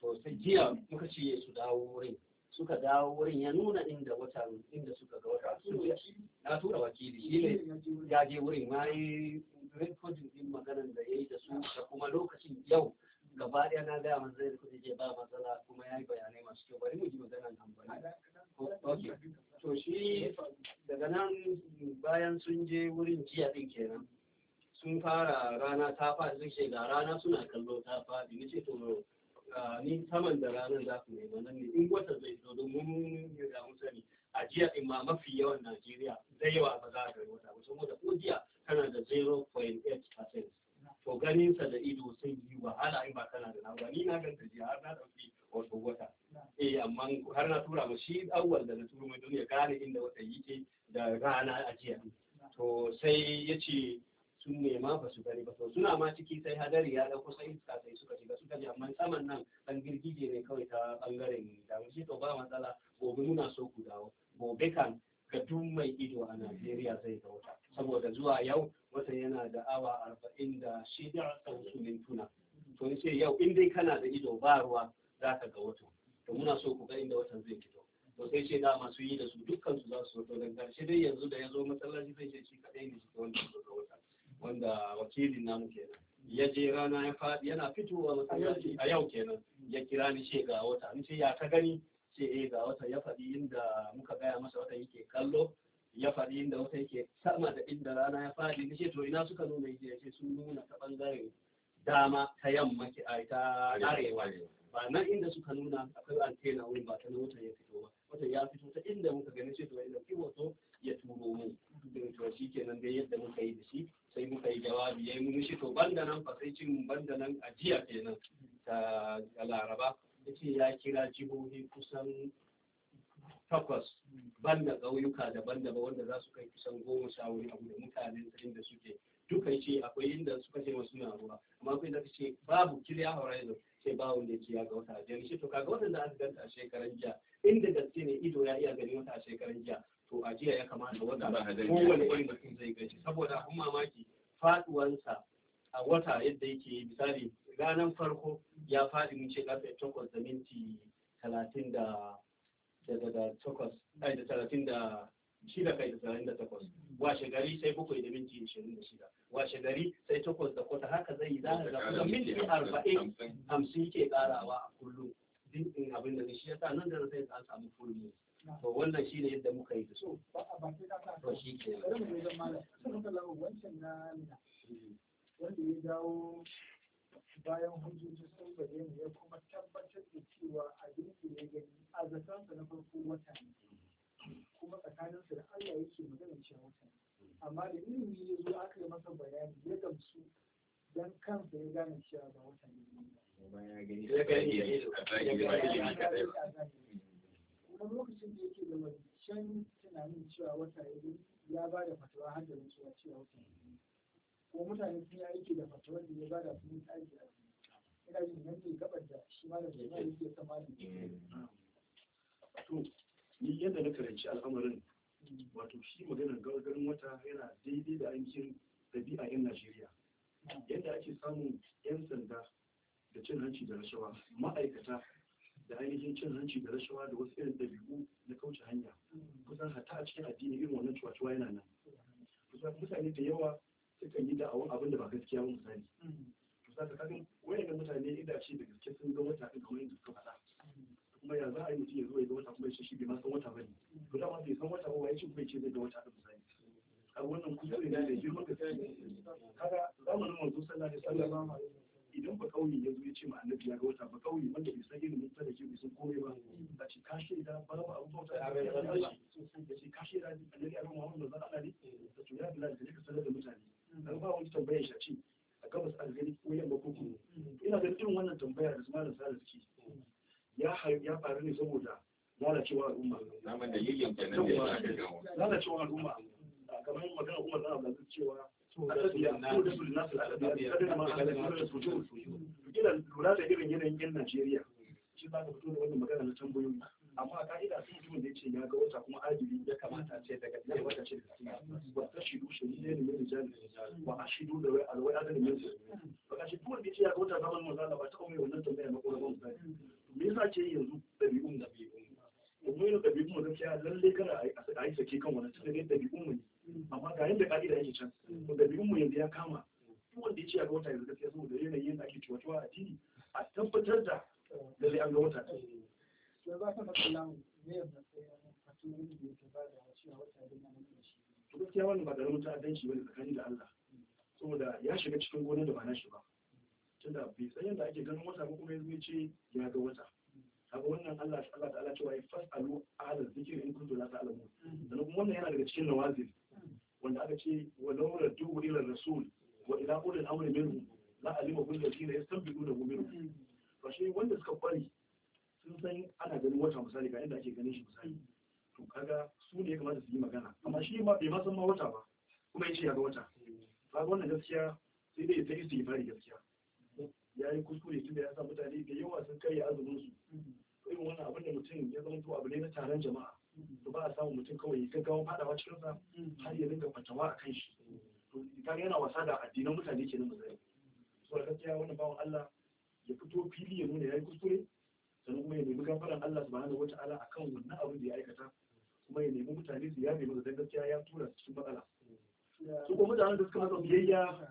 to sai jiya muka ce su dawo wurin suka dawo wurin ya nuna inda wata inda suka ga wata su na tura wakili shi ne ya je wurin ma rikodin din maganan da ya yi da su da kuma lokacin yau gaba ɗaya na gaya man zai rikuta ke ba matsala kuma ya yi bayanai masu kyau bari mu ji maganar amfani to shi daga nan bayan sun je wurin jiya ɗin kenan sun fara rana ta faɗi sun ga rana suna kallo ta faɗi ni ce to ni saman da ranar za ku nema ne in wata zai zo domin mun riga mun sani a jiya ɗin ma mafi yawan Najeriya da yawa ba za a ga wata ba saboda ko jiya Tana da 0.8% to ganinsa sa da ido sun yi wahala in ba tana da nawa ni na ganta jiya har na dauki wato wata eh amma har na tura ba shi awwal da na turo mai duniya gane inda wata yake da rana a jiya to sai ya ce sun nema ba su gani ba to suna ma ciki sai hadari ya dauko sai iska sai suka shiga suka ji amma saman nan an girgije ne kawai ta bangaren da shi to ba matsala gobe muna so ku dawo gobe kan ga mai ido a Najeriya zai ga saboda zuwa yau wata yana da awa arba'in da shida sau su mintuna to ni ce yau in dai kana da ido ba ruwa za ka ga wata to muna so ku ga inda watan zai fito to sai ce da masu yi da su dukkan su za su fito da karshe dai yanzu da ya zo masallaci zai ce shi kadai ne shi wanda zo ga wata wanda wakilin namu kenan ya je rana ya faɗi yana fitowa masallaci a yau kenan ya kira ni ce ga wata ni ce ya ka gani ce eh ga wata ya faɗi inda muka gaya masa wata yake kallo ya faɗi inda wata yake sama da inda rana ya faɗi ce to ina suka nuna yake ce sun nuna ta bangaren dama ta yamma ki a ta arewa ba nan inda suka nuna akwai antena wurin ba ta na wata ya fito ba wata ya fito ta inda muka gani ce to ina ki wato ya turo mu to shi kenan dai yadda muka yi da shi sai muka yi jawabi ya mun shi to banda nan fa sai cin banda nan ajiya kenan ta laraba ya ce ya kira jihohi kusan takwas Ban da ƙauyuka daban-daban wanda za su kai kusan goma sha wuri abu da mutanen inda suke duka ce akwai inda suka ce wasu na ruwa amma akwai da ce babu kiriya horizon sai ba wanda ke ya ga wata ajiyar shi to kaga waɗanda aka ganta a shekaran jiya inda gaske ne ido ya iya gani wata a shekaran jiya to a jiya ya kamata wata kowane wani mutum zai gaishe saboda kuma mamaki faduwansa a wata yadda yake misali ranar farko ya faɗi mun ce karfe 8 da minti talatin da kai da washe gari sai bakwai da minti da shida washe gari sai da kota haka zai yi za a zafi minti arba'in hamsin ke karawa a kullum din abin da shi ya sa nan da samu fulmi to wannan shi ne yadda muka yi da su bayan hujjoji sun bayyana ya kuma tabbatar da cewa a da ya gani a zakansa na farko wata kuma tsakaninsa da Allah yake magana cewa wata amma da ilimi ya zo aka yi masa bayani ya gamsu dan kansa ya gane cewa ba wata ne kuma lokacin da yake da wancan tunanin cewa wata ya ba da fatawa har da cewa wata ne ko mutane sun yi aiki da fatawar da ya bada sun yi aiki a ina yin nan ne gabar da shi ma da jama'a yake sama da to ni yadda na karanci al'amarin wato shi maganar gargarin wata yana daidai da ainihin ɗabi'a 'yan Najeriya yadda ake samun 'yan sanda da cin hanci da rashawa ma'aikata da ainihin cin hanci da rashawa da wasu irin ɗabi'u na kauce hanya kusan hata a cikin addini irin wannan cuwa-cuwa yana nan kusan mutane da yawa kan yi da'awun abin da ba gaskiya ba misali to hmm. saka wayan wayannan mutane inda ce da gaske sun ga wata kamar yanzu suka faɗa hmm. kuma ya za a yi mutum ya zo ya ga wata kuma shi shi bai ma san wata bane hmm. to dama bai san wata ba wai shi bai ce zai ga wata da misali a wannan kuskure ne da girman gaske kaga zamanin Wanzu sallallahu alaihi wasallam idan ba kauye ya zo ya ce ma annabi ya ga wata ba kauye wanda bai san ilimin ta da ke bai san komai ba a ce ka shaida babu abu bauta ya bayyana da shi ya ce ka shaida annabi ya ga Muhammad manzo Allah ne da to ya bilal da ka sanar da mutane daga ba wani tambayar shi ce a gabas a ko yamma ko kuma ina da irin wannan tambayar da malam sa suke ya ya faru ne saboda lalacewa al'umma naman da yayyan kenan da ya ga lalacewa al'umma kamar magana kuma Umar na Abdul cewa lura da irin yanayin yan Najeriya shi za ka fito da wannan magana na tambayoyi amma a ka'ida sun mutumin da ya ce ya ga wata kuma adili ya kamata ce daga ɗaya wata ce da suna ba ta shidu shidu ne da mai jami ba a shidu da wai alwai yanzu ba ka shidu wanda ce ya ga wata zaman manzana ba ta kawai wannan tambaya na kuma ban zai me yasa ce yanzu ɗabi'un da ɗabi'un kuma yin ɗabi'un mu gaskiya lalle kana a yi sake kan wani tun da ɗabi'un mu ne amma ga yadda ka'ida yake can ɗabi'un mu yanzu ya kama duk wanda ya ce ya ga wata yanzu gaskiya saboda yanayin da ake ciwatuwa a tini a tabbatar da lalle an ga wata gaskiya wannan ba da karamin ta'addanci bane tsakani da Allah saboda ya shiga cikin gonar da ba na shi ba tunda bai tsayin da ake ganin wata ba kuma yanzu ya ce ya ga wata kaga wannan Allah Allah ta'ala cewa ya fasalu ahla zikri in kuntum la ta'lamun sannan kuma wannan yana daga cikin nawazil wanda aka ce wa lawra dubu ila rasul wa ila ulil amri minhum la alima kullu ladina yastanbiduna minhum to shi wanda suka kwari sun san ana ganin wata misali ga inda ake ganin shi misali to kaga su ne ya kamata su yi magana amma shi ma bai ma san ma wata ba kuma ya ce ya ga wata ba wannan gaskiya sai dai ta isti fari gaskiya ya yi kuskure tun da ya sa mutane da yawa sun karya azumin su irin wannan abin da mutum ya zama to abu ne na taron jama'a to ba a samu mutum kawai ya gaggawa fadawa cikin sa har ya dinga fatawa a kan shi to kaga yana wasa da addinan mutane kenan misali so gaskiya wannan bawan Allah ya fito fili ya nuna ya yi kuskure sannan kuma ya nemi gafaran Allah subhanahu wata'ala akan wannan abin da ya aikata kuma ya nemi mutane su ya nemi dan gaskiya ya tura su cikin matsala su kuma mutanen da suka masa biyayya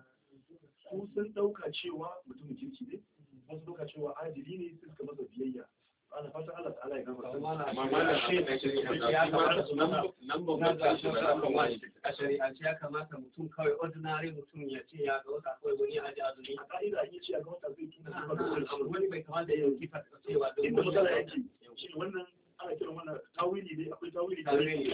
su sun dauka cewa mutumin kirki ne wasu dauka cewa ajili ne suka masa biyayya a shari'ance ya kamata mutum kawai ordinary mutum ya ce ya ga wata kawai wani ya ajiye azumi a ka'ida an ce ya ga wata zai kina da wani bai kamata ya yi fata cewa don wani ya yake shi wannan ana kiran wannan tawili ne akwai tawili da ne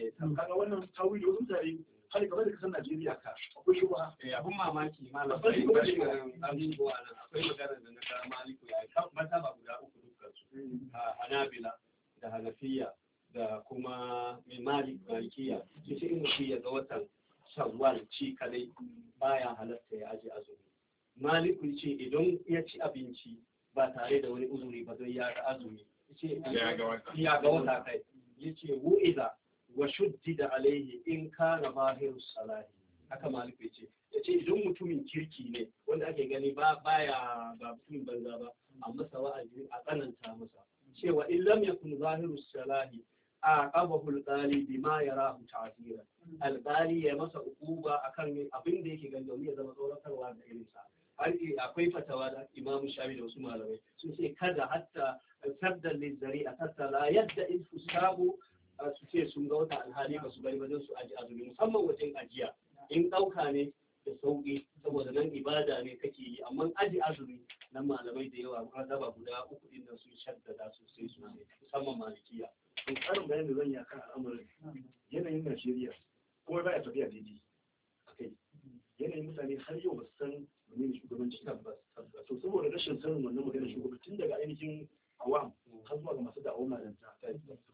eh, kaga wannan tawili wasu mutane har gaba da kasar Najeriya ka akwai shi ba eh, abun mamaki malam akwai magana da na kara maliku ya yi ta ba guda uku hanabila da hanafiya da kuma malik malikiya su ce in ya ga watan shawwal ci kadai baya halatta ya aje azumi malikul ce idan ya ci abinci ba tare da wani uzuri ba don ya ga azumi ya ga wata kai ya ce wu'iza wa da alaihi in kana bahiru salahi haka malik ya ce ya ce idan mutumin kirki ne wanda ake gani ba baya ba mutumin banza ba a masa wa'azi a tsananta masa cewa in lam yakun zahiru salahi aqabahu alqali bima yarahu ta'zira alqali ya masa ukuba akan abin da yake gani ya zama tsoratarwa da irin sa akwai fatawa da Imam Shafi da wasu malamai sun ce kada hatta saddan lizari a hatta la yadda in fusabu su ce sun ga wata alhali ba su bari ba su aji azumi musamman wajen ajiya in ɗauka ne da sauƙi saboda nan ibada ne kake yi amma aji azumi nan malamai da yawa zaba guda uku din nan sun shaddada sosai ne musamman malikiya in karin bayani da zan yi akan al'amarin yanayin Najeriya kuma baya tafiya daidai kai, yanayin mutane har yau ba su san menene shugabanci ba to saboda rashin sanin wannan maganar shugabanci tun daga ainihin awam har zuwa ga masu da'awa malanta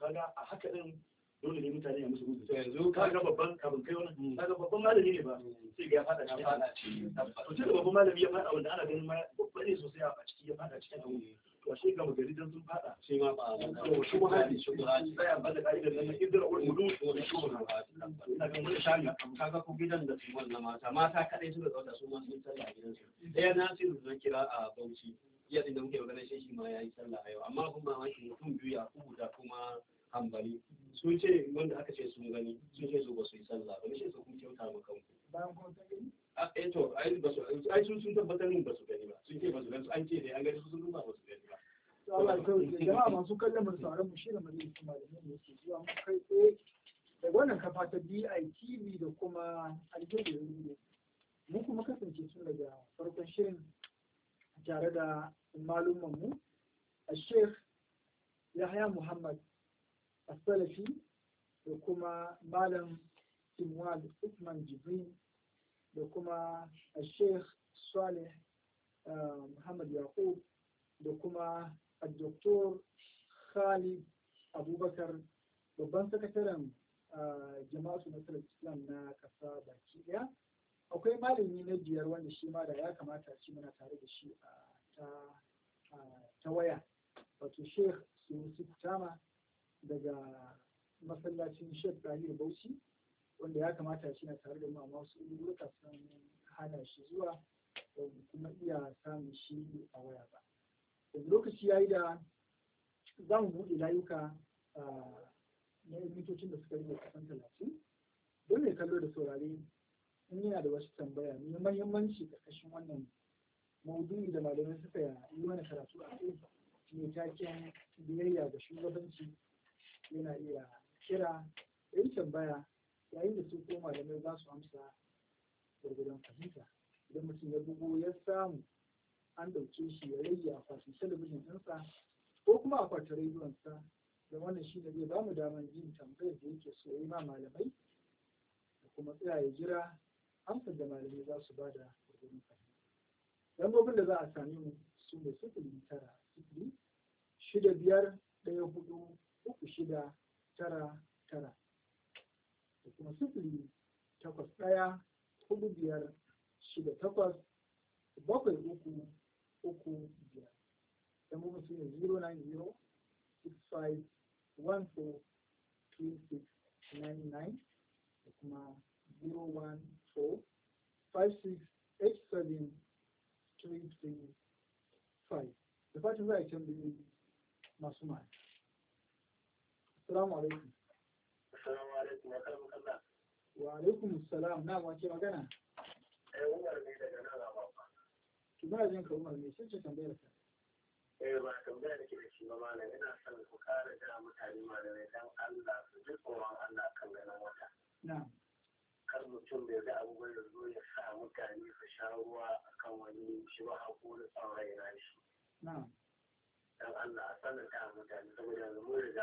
kaga a haka din dole ne mutane ya musu musu yanzu ka ga babban kafin kai wannan hmm. ka ga babban malami ne ba sai ga ya fada cikin fada cikin to tunda babban malami ya fada wanda ana ganin ma ne sosai a ciki ya fada cikin abu hmm. to shi ga magari dan sun fada shi ma ba to shi ma hadi shi ma hadi sai an bada ka'idar nan idra ul mudu to shi ma hadi ina ga mun shanga ka ga ko gidan da su na mata mata kadai suka zauna su ma sun tsalla a gidansu daya na sai zan kira a Bauchi yadda muke ganin shi ma yayi sallah a yau amma kuma mamaki mutum biyu ya kubuta kuma hambali sun ce wanda aka ce sun gani sun ce su ba su yi sallah ba nishe su kun kyauta ma kanku bayan kuma sun gani ah, eh to ai sun sun tabbatar min ba su gani ba sun ce ba su gani an ce dai an gani sun duba ba su gani ba jama'a masu kallon mu sauran mu shirin mu ne kuma da mu yake zuwa mu kai tsaye da wannan kafa ta BITV da kuma Algeria Radio mu kuma kasance tun daga farkon shirin tare da malumman mu a Sheikh Yahya Muhammad asalafi da kuma malam Imwal Usman Jibrin da kuma Sheikh Saleh uh, Muhammad Yaqub da kuma Dr. Khalid Abubakar babban sakataren uh, jama'atu nasarar Islam na ƙasa baki ɗaya. Akwai malami na biyar wanda shi ma da ya kamata shi muna tare da shi uh, ta waya wato Sheikh Sunusi Kutama daga masallacin Sheikh Tahir Bauchi wanda ya kamata shi na tare da mu amma wasu wurka sun hana shi zuwa kuma iya samun shi a waya ba. Lokaci ya yi da za mu buɗe layuka na mitocin da suka rage kusan talatin don ne kallo da saurare in yana da wasu tambaya mai mahimmanci ƙarƙashin wannan maudu'i da malamai suka yi mana karatu a kai mai taken biyayya ga shugabanci yana iya kira ya yi tambaya yayin da su ko malamai za su amsa gwargwadon fahimta idan mutum ya bugo ya samu an ɗauke shi ya rage akwatin talabijin ɗinsa ko kuma a akwatin rediyonsa da wannan shi ne zai ba mu damar yin tambayar da yake so ya ma malamai da kuma tsaya ya jira amsar da malamai za su ba da gwargwadon fahimta lambobin da za a sami mu su ne sifili tara sifili shida biyar ɗaya hudu uku shida tara tara da kuma sifili takwas ɗaya hudu biyar shida takwas bakwai uku uku biyar yan kuma su ne 090 65 14 26 99 da kuma 014 da fatan za a can masu mata Assalamu alaikum. Assalamu wa rahmatullah. Wa alaikum assalam. wace magana? Eh Umar ne daga nan Ababa. Ki ba jin ka Umar me sai ce tambayar ka? Eh ba tambaya da ke da shi ba malam ina son ku kara da mutane malamai dan Allah su ji tsoron Allah kan ganin wata. kar mutum da ga abubuwan da zo ya sa mutane su sha ruwa a kan wani shi ba ko da tsawon shi. Dan Allah a sanar da mutane saboda yanzu mun riga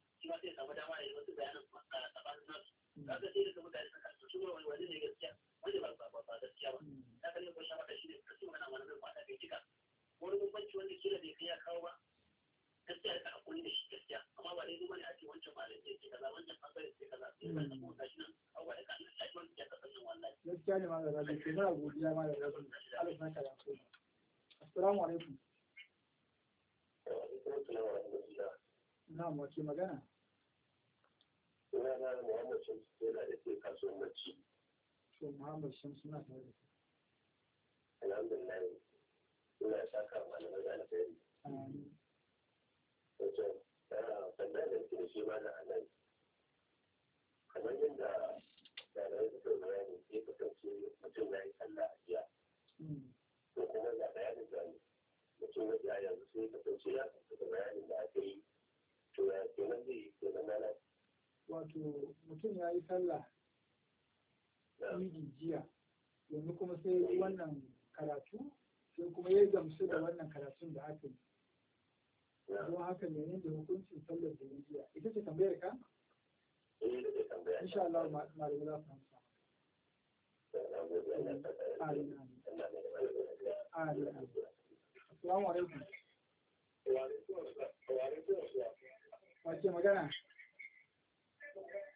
shi ma samu dama ya wasu bayanan kuma a tsakanin sai da mutane suka su shi wani wani ne gaskiya wani ba ba ba gaskiya ba da mata shi ne mana kwata cika wani bambanci wanda bai kai ya kawo ba gaskiya ka hakuri da shi gaskiya amma ba dai zuwa ne ake wancan ba da ke kaza wancan ce da shi wani gaskiya ne ma da ke godiya ma da assalamu alaikum na'am wace magana suna na muhammad shamsu yana da ke kasuwan mace to muhammad shamsu na tare da alhamdulillah ina saka malamai da alkhairi wato sannan eh, da ke shi ma na anan kamar yadda ɗalibai suka bayani ya kasance mutum ya yi sallah a jiya hmm. ko kuma ga bayanin da mutum ya ji a yanzu sai kasance ya kasance bayanin da aka yi to ya zai wato mutum ya yi sallah jiya yanzu kuma sai wannan karatu sai kuma ya gamsu da wannan karatun da aka yi don haka ne da hukuncin sallar da jiya eh, ita ce tambayar ka insha Allah malamai za su Assalamu alaikum. magana?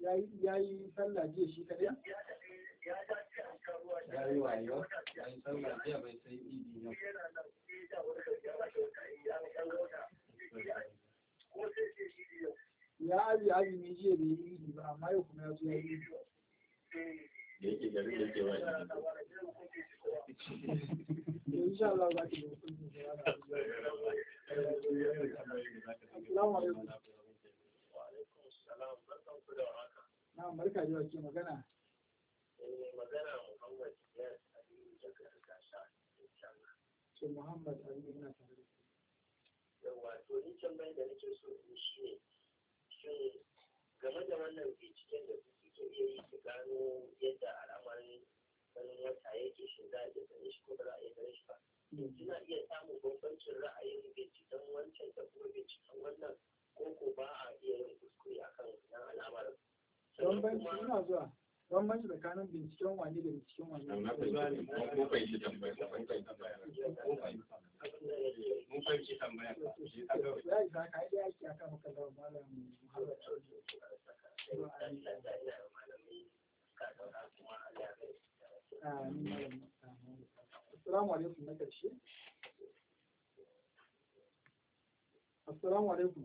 ya yi sallah jiya shi kaɗai? Ya yi wayo, ya yi sallah jiya bai sai idi Ya ne jiya yi idi ba, amma yau kuma ya zo ya yi idi. Da yake gari da ke wani. Insha da Assalamu alaikum. Na barka da wace magana. Eh, magana Muhammad ya tsari daga gasa Ce Muhammad Ali na tare. Yawwa to ni can tambayar da nake so in shi ne shin game da wannan binciken da kuke iya yi su gano yadda al'amarin ganin wata yake shin za a iya sanin shi ko ba za a iya sanin shi ba. Mm. Kina iya samun bambancin ra'ayin binciken wancan da kuma binciken wannan koko ba a iya yin kuskure akan wannan al'amarin bambanci ina zuwa bambanci tsakanin binciken wani da binciken wani na ku ne mun fahimci tambaya ya yi zaka maka da malam Assalamu alaikum.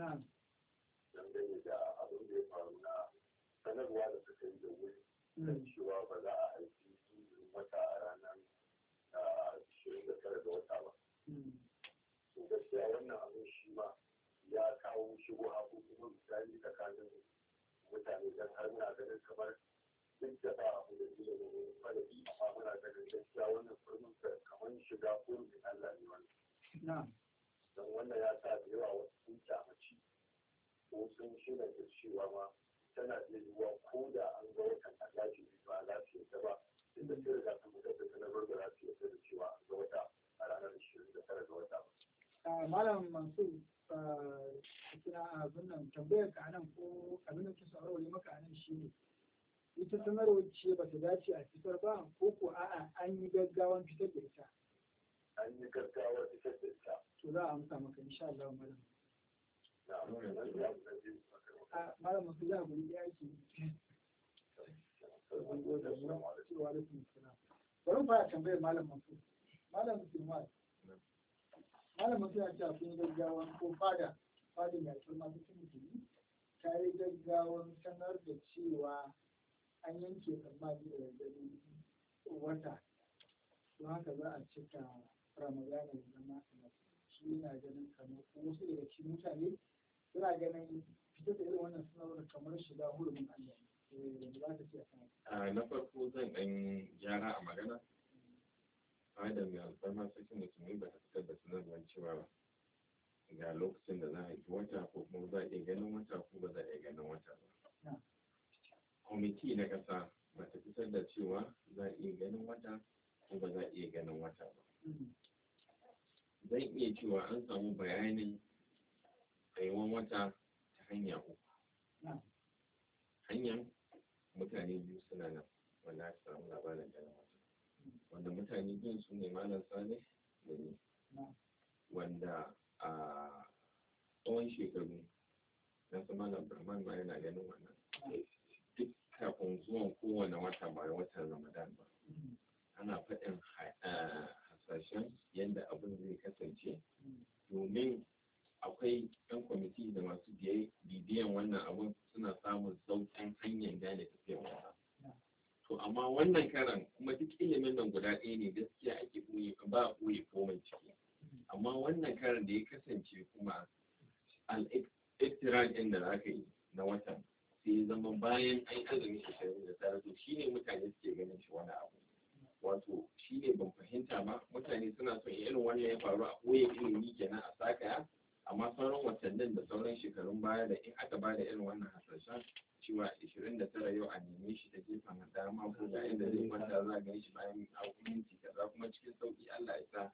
na'am dangane da abin da ya faru na sanarwa da suka yi da wuri hmm. kan cewa ba za a haifi jinjirin wata a ranar ah, shirin da tara ga wata ba hmm. to gaskiya wannan abin shi ma ya kawo shigo a kuma misali tsakanin mutane dan har muna ganin kamar duk da ba abu da zai zama falabi amma muna ganin gaskiya wannan furmin kamar shiga ko mai Allah ne wannan don wannan ya sa da yawa wasu sun kyamaci ko sun shirya da cewa ma tana iya yiwuwa ko da an ga watan a zafi ba za su yadda ba inda da sai da sun fitar da sanarwar da za su yadda da cewa an ga wata a ranar ishirin da tara ga wata. Malam Mansur kira abin nan tambayar ka nan ko abin da ke sauraro maka nan shi ne ita sanarwar ce ba ta dace a fitar ba ko ko a'a an yi gaggawan fitar da ita. an yi gaggawar fitar da ita to za a amsa maka insha Allah malam malam masu za mu yi aiki bari fara tambayar malam masu malam musulman malam masu ya ce a kun gaggawa ko fada fada ya ce masu cin musulmi ta yi gaggawan sanar da cewa an yanke tsammani da yanzu wata don haka za a cika ramadana ya zama shi yana ganin kamar wasu daga cikin mutane suna ganin fitar da irin wannan sanarwar kamar shiga hurumin Allah eh, ah, na farko zan ɗan gyara a magana fada mai alfarma sarkin musulmi ba ta fitar da sanarwar cewa ba ga lokacin da za a yi wata ko kuma za a iya ganin wata ko ba za a iya ganin wata ba kwamiti na ƙasa ba ta fitar da cewa za a iya ganin wata ko ba za a iya ganin wata ba mm-hmm. zan iya cewa an samu bayanin haiwan wata ta hanya uku hanyar mutane biyu suna nan wanda aka samu labarin da wata wanda mutane biyu su ne malam sani da ni wanda a tsawon shekaru na su malam brahman ma yana ganin wannan duk kafin zuwan kowane wata ba watan ramadan ba ana faɗin eh, hasashen yadda abin zai kasance domin akwai 'yan kwamiti da masu bibiyan wannan abun suna samun sauƙin hanyar gane tafiyar to amma wannan karan kuma duk ilimin nan guda ɗaya ne gaskiya ake ɓoye ba a ɓoye komai ciki amma wannan karan da ya kasance kuma al'iktiran ɗin da za ka yi na watan sai zama bayan an azumi shari'a da tare to shine mutane suke ganin shi wani abu wato shi ne ban fahimta ba mutane suna son irin wannan ya faru a koya ilimi kenan a sakaya amma sauran watannin da sauran shekarun baya da in aka bada irin wannan hasashen cewa ishirin da tara yau a neme shi ta gefen dama ko ga inda zai kwanta za a shi bayan minti kaza kuma cikin sauki Allah ya sa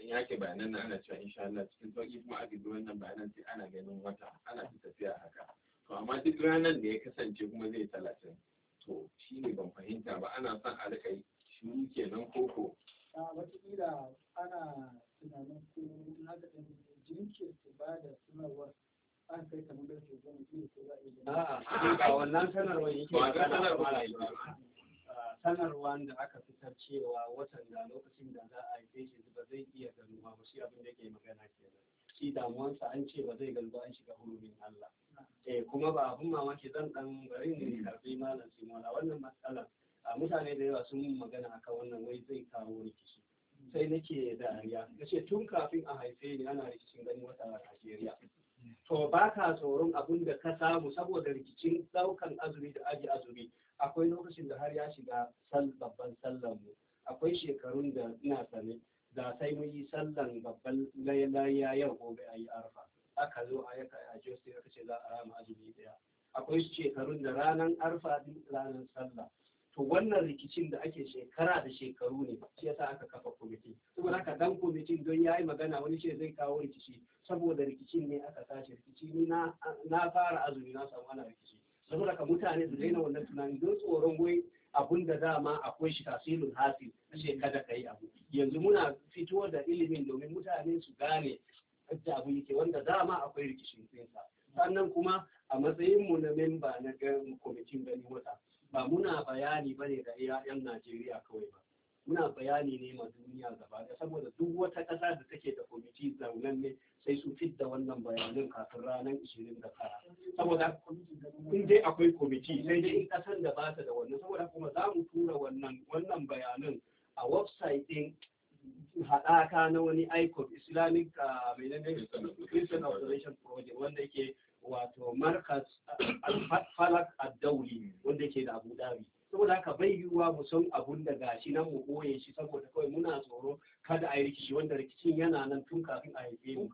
in eh, yake bayanan nan ana cewa insha Allah cikin sauki kuma aka bi wannan bayanan sai ana ganin wata ana ta tafiya haka to amma duk ranar da ya kasance kuma zai talatin to shi ne ban fahimta ba ana son a rika shuru kenan koko a watakila ana tunanin ko haka ɗin ba da sanarwar an kai kamar da ke gani biyu ko za a yi ba wannan sanarwar yake ba ga sanarwar da aka fitar cewa watan da lokacin da za a haife shi ba zai iya ganuwa ba shi abin da yake magana kenan shi damuwansa an ce ba zai galba an shiga hurumin Allah eh kuma ba abun mamaki zan dan bari ne karbi malam Simola wannan matsalar a mutane da yawa sun magana akan wannan wai zai kawo rikici sai nake dariya na ce tun kafin a haife ni ana rikicin ganin wata a Najeriya to ba ka tsoron abin da ka samu saboda rikicin daukan azumi da aji azumi akwai lokacin da har ya shiga babban sallan mu akwai shekarun da ina sane da sai mun yi sallan babban layalaya yau gobe ayi arfa aka zo a yaka a jos aka ce za a rama azumi ɗaya. akwai shekarun da ranar arfa din ranar sallah to wannan rikicin da ake shekara da shekaru ne shi yasa aka kafa kwamiti saboda haka dan kwamitin don ya yi magana wani ce zai kawo rikici saboda rikicin ne aka tashi rikici ni na fara azumi na samu ana rikici saboda ka mutane su daina wannan tunanin don tsoron wai abun da dama akwai shi tasirin hasil ce kada ka yi abu yanzu muna fito da ilimin domin mutane su gane da abu yake wanda dama akwai rikicin tsinsa sannan kuma a matsayin mu na memba na kwamitin ganin wata ba muna bayani bane ga 'ya'yan Najeriya kawai ba muna bayani ne ma duniya gaba da saboda duk wata ƙasa da take da kwamiti zaunan ne sai su da wannan bayanin kafin ranar ishirin da tara saboda in dai akwai kwamiti sai dai in ƙasar da ba ta da wannan saboda kuma za mu tura wannan wannan bayanin a website ɗin haɗaka na wani icon islamic uh, Christian Observation Project wanda yake wato markas falak addauli wanda ke da abu dhabi saboda haka bai yiwuwa mu san abun da gashi nan mu koye shi saboda kawai muna tsoro kada a yi rikici wanda rikicin yana nan tun kafin a haife mu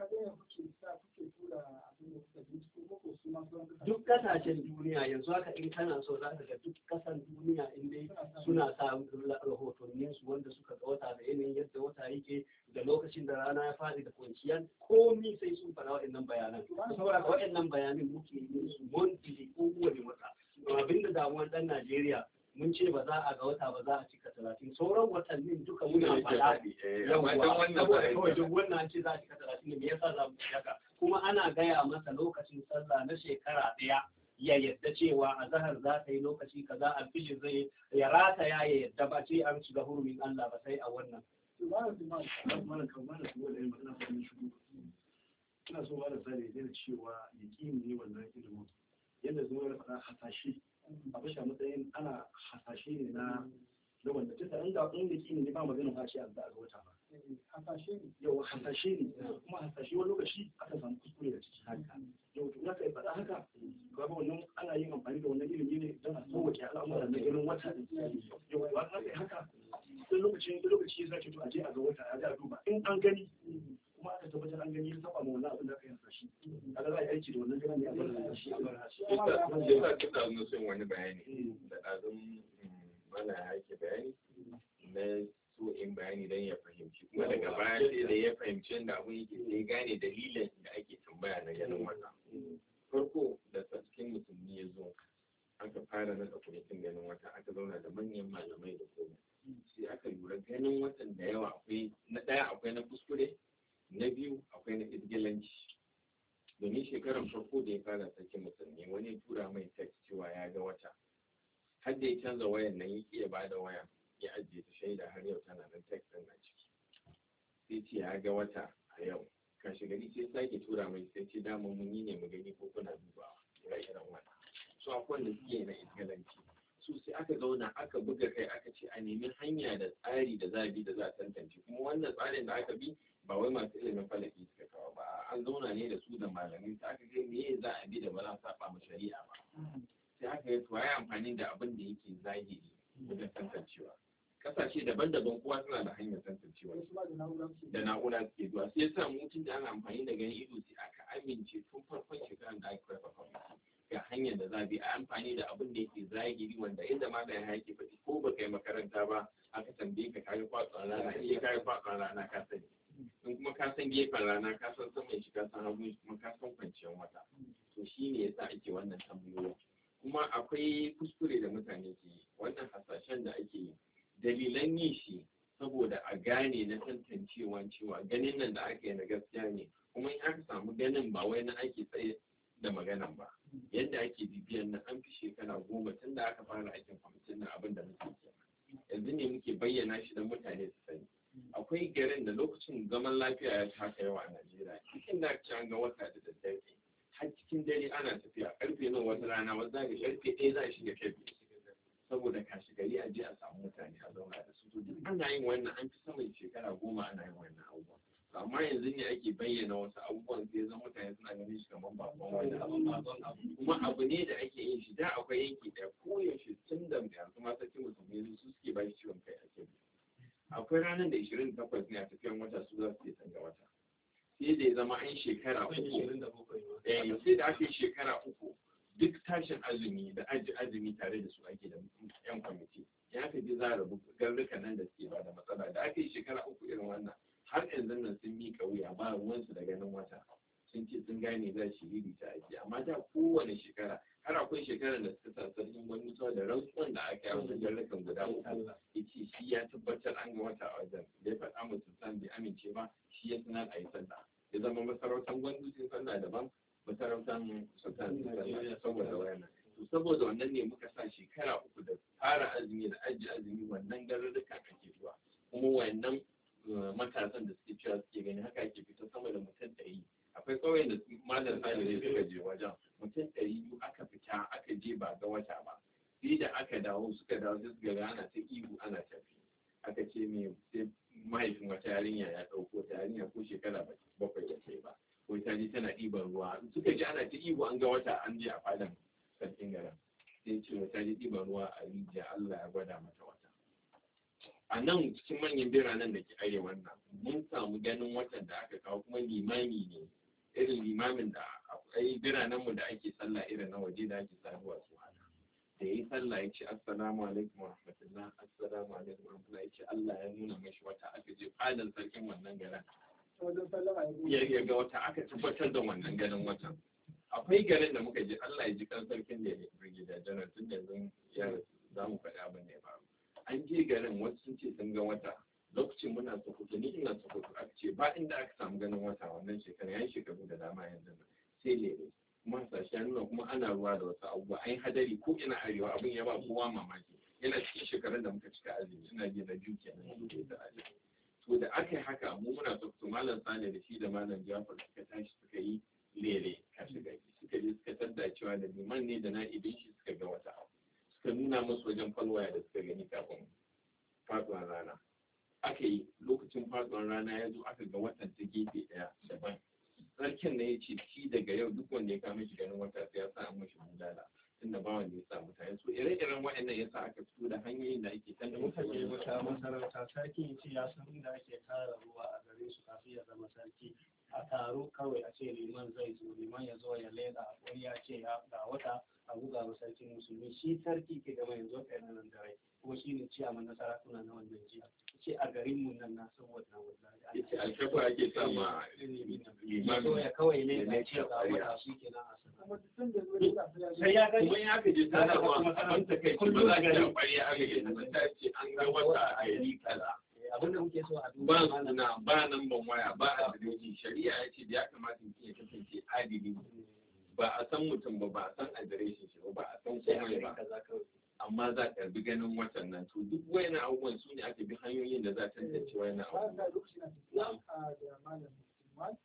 duk kasashen duniya yanzu haka in kana so za ka ga duk kasan duniya in dai suna sa rahotannin su wanda suka ga wata da yanayin yadda wata yake da lokacin da rana ya faɗi da kwanciyar komi sai sun fara waɗannan bayanan saboda waɗannan bayanan muke yi su monthly ko kowane wata abinda damuwar ɗan Najeriya mun ce ba za a ga wata ba za a cika talatin sauran watannin duka muna faɗa eh, yawwa saboda kawai duk wannan an ce za a cika talatin da me yasa za mu haka kuma ana gaya masa lokacin sallah na shekara ɗaya ya yadda cewa a zahar za ta yi lokaci kaza a fiye zai ya rata ya ya yadda ba ce an shiga hurumin Allah ba sai a wannan. Ina so ba da da cewa ne wannan ilimin yadda zuwa da faɗa hasashe a sha matsayin ana hasashe ne na da wanda ta tsarin da kun da kini ne ba maganin hasashe a ga wata ba hasashe ne yau hasashe ne kuma hasashe wani lokaci aka samu kuskure da ciki haka yau to yi faɗa haka ga ba wannan ana yin amfani da wannan ilimi ne don a sauwaƙe al'amuran na irin wata yau ka yi haka duk lokacin duk lokaci ya sace to a je a ga wata a ga duba in an gani kuma aka tabbatar an gani saba ma wannan abin da aka yansa shi kaga za a yi aiki da wannan ne a bar shi a bar shi yasa kika zo sai wani bayani hmm. da dazun hmm, mana yake bayani na so in bayani dan ya fahimci kuma daga baya sai da ya fahimci yadda abun yake sai gane dalilin da ake tambaya na ganin wata hmm. farko da cikin musulmi ya zo aka fara naɗa kwamitin ganin wata aka zauna da manyan malamai da komai sai aka lura ganin watan da yawa akwai na ɗaya akwai na kuskure na biyu akwai na izgilanci domin shekarar farko da ya fara sakin musulmi wani tura mai text cewa ya ga wata har da ya canza wayan nan ya iya ba da waya ya ajiye ta shaida har yau tana nan text ɗin a ciki sai ce ya ga wata a yau kashi gari sai sake tura mai sai ce dama mun yi ne mu gani ko kuna dubawa Ya irin wata su akwai da suke na izgilanci su sai aka zauna aka buga kai aka ce a nemi hanya da tsari da za bi da za a tantance kuma wannan tsarin da aka bi ba wai masu ilimin falaki suka kawo ba an zauna ne da su da malamai sai aka ga me za a bi da ba za a saba ma shari'a ba sai aka ga tuwaye amfani da abin da yake zahiri wajen tantancewa kasashe daban-daban kowa suna da hanyar tantancewa da na'ura suke zuwa sai yasa mutum da ana amfani da ganin ido sai aka amince tun farkon shekarar da aka karfa ga hanyar da za a bi a amfani da abin da yake zahiri wanda inda ma da ya yake faɗi ko ba kai makaranta ba aka tambaye ka kayi kwatsa rana in eh, kayi kwatsa rana ka sani in kuma ka san gefen rana ka san saman shi ka san hagu kuma ka san kwanciyar wata to shi ne ya yasa ake wannan tambayoyi kuma akwai kuskure da mutane ke yi wannan hasashen da ake yi dalilan yin shi saboda a gane na tantancewa cewa ganin nan da aka yi na gaskiya ne kuma in aka samu ganin ba wai na ake tsaye da maganan ba yadda ake bibiyan nan an fi shekara goma tun da aka fara aikin kwamitin nan abin da muke yanzu ne muke bayyana shi don mutane su sani akwai garin da lokacin zaman lafiya ya taka yawa a najeriya cikin da ci ga wata da daddare har cikin dare ana tafiya karfe nan wata rana wata zaga karfe ɗaya za a shiga karfe saboda kashi gari a je a samu mutane a zauna da su duk ana yin wannan an fi saman shekara goma ana yin wannan abubuwan amma yanzu ne ake bayyana wasu abubuwan sai zan mutane suna ganin shi kamar babban wani abu kuma abu ne da ake yin shi da akwai yanki ɗaya koyaushe tun da yanzu ma mutum musulmi su suke ba shi ciwon kai a bi akwai ranar da 28 ne a tafiyan wata su za su yi canza wata sai da ya zama an shekara uku eh, sai da ake shekara uku duk tashin azumi da aji azumi tare da su ake da yan kwamiti ya ka ji za a rabu garruka nan da suke ba da matsala da aka yi shekara uku irin wannan har yanzu nan sun miƙa wuya ba ruwansu da ganin wata sun ce sun gane za shi riri ta aji. amma da kowane shekara har akwai shekarar da suka sa sarkin gwamnati da rantsuwan da aka yi wajen jarrakan guda uku ya ce shi ya tabbatar an ga wata a wajen da ya faɗa mu san bai amince ba shi ya sanar a yi sallah ya zama masarautar gwamnati sallah daban masarautar sultan sallah saboda wayannan saboda wannan ne muka sa shekara uku da fara azumi da ajiye azumi wannan garurruka ake zuwa kuma wayannan eh, matasan da suke cewa suke gani haka ake fita sama da mutum ɗari akwai ƙauyen da malam sani ne suka je wajen mutum ɗari biyu aka fita aka je ba ga wata ba sai da aka dawo suka dawo sai suka ana ta ihu ana tafi aka ce me sai mahaifin wata yarinya ya ɗauko ta yarinya ko shekara bakwai da ta ba ko ta je tana ɗiban ruwa suka ji ana ta ihu an ga wata an je a fadan sarkin garin sai ce wata je ɗiban ruwa a rijiya Allah ya gwada mata wata a nan cikin manyan biranen da ke arewa nan mun samu ganin watan da aka kawo kuma limami ne irin limamin da akwai biranen mu da ake sallah irin na waje da ake sabuwa su haka da yi sallah ya ce assalamu alaikum wa rahmatullah assalamu alaikum wa rahmatullah ya ce Allah ya nuna mashi wata aka je fadan sarkin wannan garin ya ga wata aka tabbatar da wannan ganin watan akwai garin da muka je Allah ya ji kan sarkin da ya rage da janar tun da zan ya za mu faɗa abin ya faru an je garin wasu sun ce sun ga wata lokacin muna sokoto ni ina sokoto aka ce ba inda aka samu ganin wata wannan shekara yi shekaru da dama yanzu sai lebe kuma hasashe ya nuna kuma ana ruwa da wasu abubuwa an yi hadari ko ina arewa abin ya ba kowa mamaki yana cikin shekarun da muka cika azumi ina ji na biyu kenan da da azumi to da aka yi haka mu muna sokoto malam Sani da shi da malam jafar suka tashi suka yi lele kashi shi suka je suka cewa da liman ne da na idin shi suka ga wata abu suka nuna musu wajen falwaya da suka gani kafin faɗuwa rana aka yi lokacin faduwar rana ya zo aka ga watan ta gefe daya daban sarkin na ya ce shi daga yau duk wanda ya kama shi ganin wata sai ya sa an mashi mandala tunda ba wanda ya sa mutane so ire-iren waɗannan ya sa aka fito da hanyoyin da ake tanda mutane wata masarauta sarki ya ce ya san inda ake kara ruwa a garin su kafin ya zama sarki a taro kawai a ce liman zai zo liman ya zo ya leda a wani ya ce ya ga wata a buga wa sarkin musulmi shi sarki ke gama yanzu kai nan da rai kuma shi ne ciyaman nasara sarakuna na wannan jiya ce a garin mu nan na san wannan wallahi yace alkafa ake sama imani ya kawai ne ce ga wata shi kenan a san kuma da sai ya ga kuma ya ga ta da kuma an ta kai kuma za ga kwari a ga ta ce an ga wata a yi kaza eh, abin da muke so a duba ba na ba nan ban waya ba a adiloji shari'a ya ce ya kamata mutum ya kasance adili eh. ba a san mutum ba ba a san adireshin shi ba ba a san komai ba amma za ka bi ganin watan nan to duk wayannan abubuwan su ne aka bi hanyoyin da za ta tantance wayannan abubuwan malam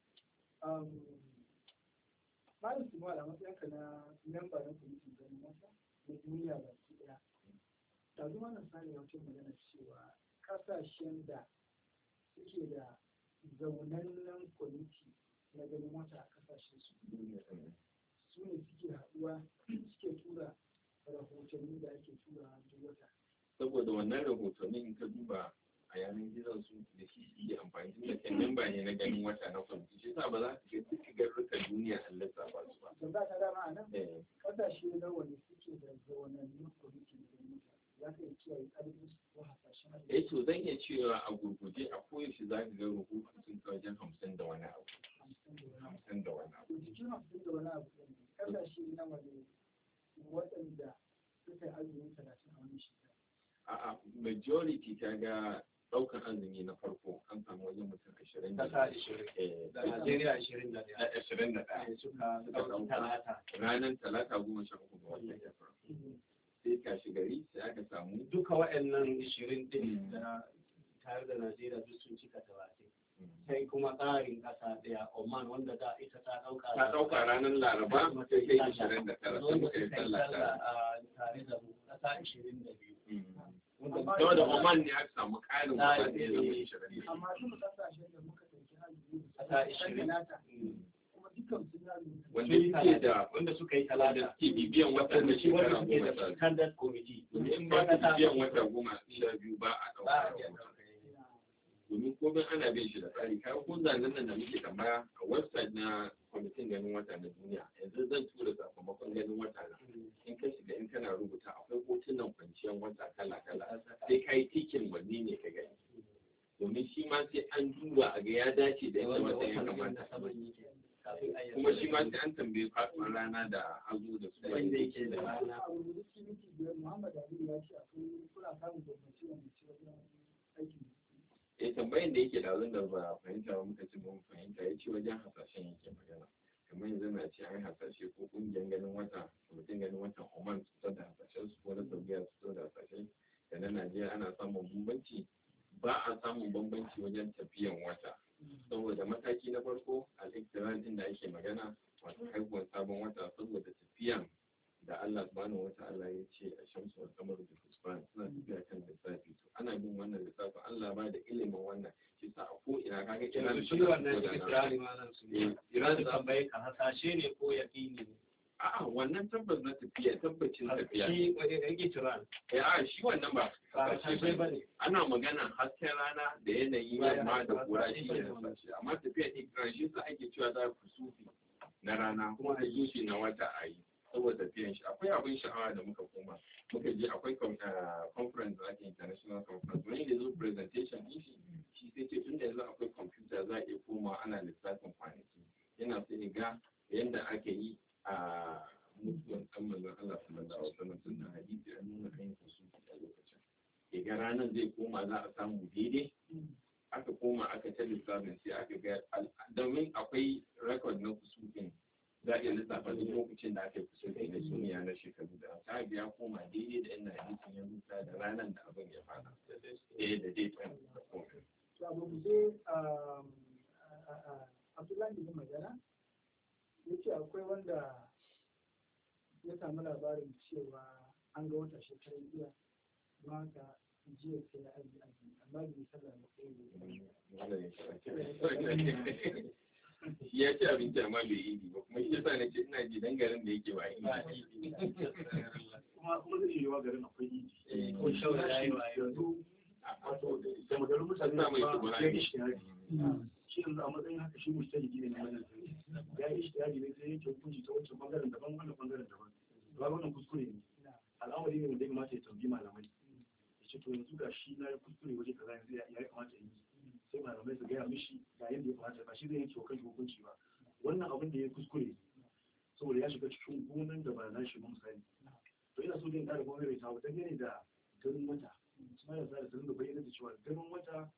Simon um, a matsayinka na memba na kwamitin ganin wata na duniya su ɗaya. Da zuwa nan sani wata magana cewa kasashen da suke da zaunannen kwamiti na ganin wata a kasashen su duniya mm. su ne suke haɗuwa suke tura rahotanni da ake tura duk wata saboda wannan rahotanni in ka duba a yanar gizon su da shi iya amfani da kan memba ne na ganin wata na kwamfuta, shi sa ba za su je duk garurruka duniya an lissafa su ba. Yanzu ka dama a nan kasashe eh. na wani suke da da mutane za iya ƙarfin Eh to zan iya cewa a gurguje a koyaushe za ka ga sun wajen hamsin da wani abu. Hamsin da wani abu. hamsin da wani abu kasashe na wani waɗanda suka yi azumi talatin a wani shekara. majority ta ga ɗaukar azumi na farko an samu wajen mutum ashirin da ashirin eh, da Najeriya ashirin da ɗaya. Eh, ashirin da ɗaya. Eh, suka ɗauki talata. Ranar talata goma sha uku ga Sai gari sai aka samu. Duka waɗannan ashirin ɗin hmm. da tare da Najeriya duk sun cika talatin. sai kuma tsarin ƙasa ɗaya Oman wanda da ita ta ɗauka ta ɗauka ranar Laraba sai yi sallah ah, tare da mu ƙasa ishirin da biyu. ta mm. da Oman ne aka samu ƙarin mutane ishirin. Amma da muka ƙasa wanda suka yi talata suke bibiyan da biyu a ɗauka domin komai ana bin shi da tsari kayan ko zanen nan da muke tambaya a website na kwamitin ganin wata na duniya yanzu zan tura sakamakon ganin wata na in ka shiga in kana rubuta akwai hotunan kwanciyar wata kala kala sai ka yi tikin wanne ne ka gani domin shi ma sai an duba a ga ya dace da yadda wata ya kamata kuma shi ma sai an tambaye kwatsun rana da hazo da su wanda yake da rana eh tambayin da yake da da ba a fahimta ba muka ci ba mu fahimta ya ce wajen hasashen yake magana kamar yanzu na ce an hasashe ko kungiyar ganin wata mutum ganin wata oman su da hasashen su ko na saudiya su da hasashen da na najeriya ana samun bambanci ba a samun bambanci wajen tafiyan wata saboda mataki na farko a din da ake magana wato haihuwar sabon wata saboda tafiyan da allah subhanahu wa ta'ala ya ce a shamsu wa kamar bi transparent suna tafiya kan lissafi to ana bin wannan lissafi Allah ba da ilimin wannan shi sa a ko ina kaga ina da shi wannan da kirani malam su ne eh. iran da ka hasashe ne ko yaqini ne a'a wannan tabbas na tafiya tabbacin tafiya shi wani yake kiran eh a shi wannan ba hasashe bane ana magana hasken rana da yanayi yamma da kura shi ne amma tafiya ne kiran shi sa ake cewa za ku sufi na rana kuma a yi shi na wata ayi saboda biyan shi akwai abin sha'awa da muka koma muka je akwai eh, conference da ake international conference wani da zo presentation din shi shi sai ce tun da yanzu akwai computer za a iya koma ana lissafin kwanaki yana so ya ga yadda ake yi a mutuwan dan manzon Allah sallallahu alaihi wasallam tun da hadisi an nuna ayyukan su a lokacin ya ga ranar zai koma za a samu daidai aka koma aka ta lissafin sai aka ga domin akwai record na kusurfin za a iya lissafa duk lokacin da aka yi kusa da ilisoniya yanar shekaru da ta biya koma daidai da yana hadisin ya rusa da ranar da abin ya fara eh, da da dai ta komai. to abu mu je abdullahi ne magana ya ce akwai wanda ya samu labarin cewa an ga wata shekarun jiya ba ka jiya sai ya aji aji amma bai sallah ba sai ya yi. ya ci abinci amma bai idi ba kuma shi yasa nake ina ji dan garin da yake ba idi kuma kuma zai yi wa garin akwai idi eh. ko shawara shi yanzu wato da magarin mutane ba ya yi shi shi yanzu a matsayin haka shi mushtari ne na wannan ya yi shi ne sai yake hukunci ta wancan bangaren daban wannan bangaren daban ba wannan kuskure ne al'amari ne wanda ya kamata ya tambayi malamai ya ce to yanzu ga shi na kuskure waje kaza yanzu ya kamata ya yi sai malamai su gaya mishi ga yadda ya kamata ba shi zai yanke wa kanshi hukunci ba wannan abin da ya kuskure saboda ya shiga cikin gonan da ba na shi mun sani to ina so jin ƙara gwamnati mai tawo dangane da garin wata kuma da tsara sanin da bayyana da cewa garin wata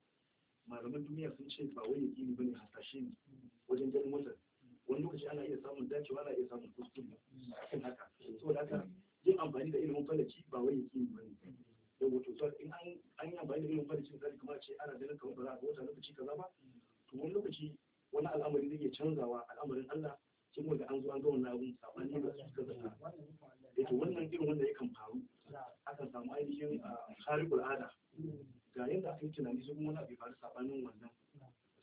malaman duniya sun ce ba wani yaƙini bane hasashe ne wajen garin wata. wani lokaci ana iya samun dacewa ana iya samun kuskure akan haka saboda haka yin amfani da ilimin falaci ba wani yaƙini bane rubutu in an an yi amfani da irin fari cin kuma ce ana ganin kamar ba za a ga wata lokaci kaza ba to wani lokaci wani al'amari zai iya canzawa al'amarin Allah sai kuma an zo an ga wannan abun sabani da su suka zata eh, to wannan irin wanda yakan faru akan samu ainihin ah, kharikul ada ga yadda aka yi tunani su kuma wani abu faru sabanin wannan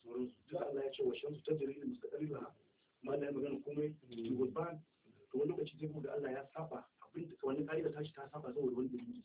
sauransu duk Allah ya ce wa shamsu ta lil mustaqarriha ma da magana komai to wani lokaci zai kuma ga Allah ya saba abin da wani ka'ida tashi ta saba saboda wani dalili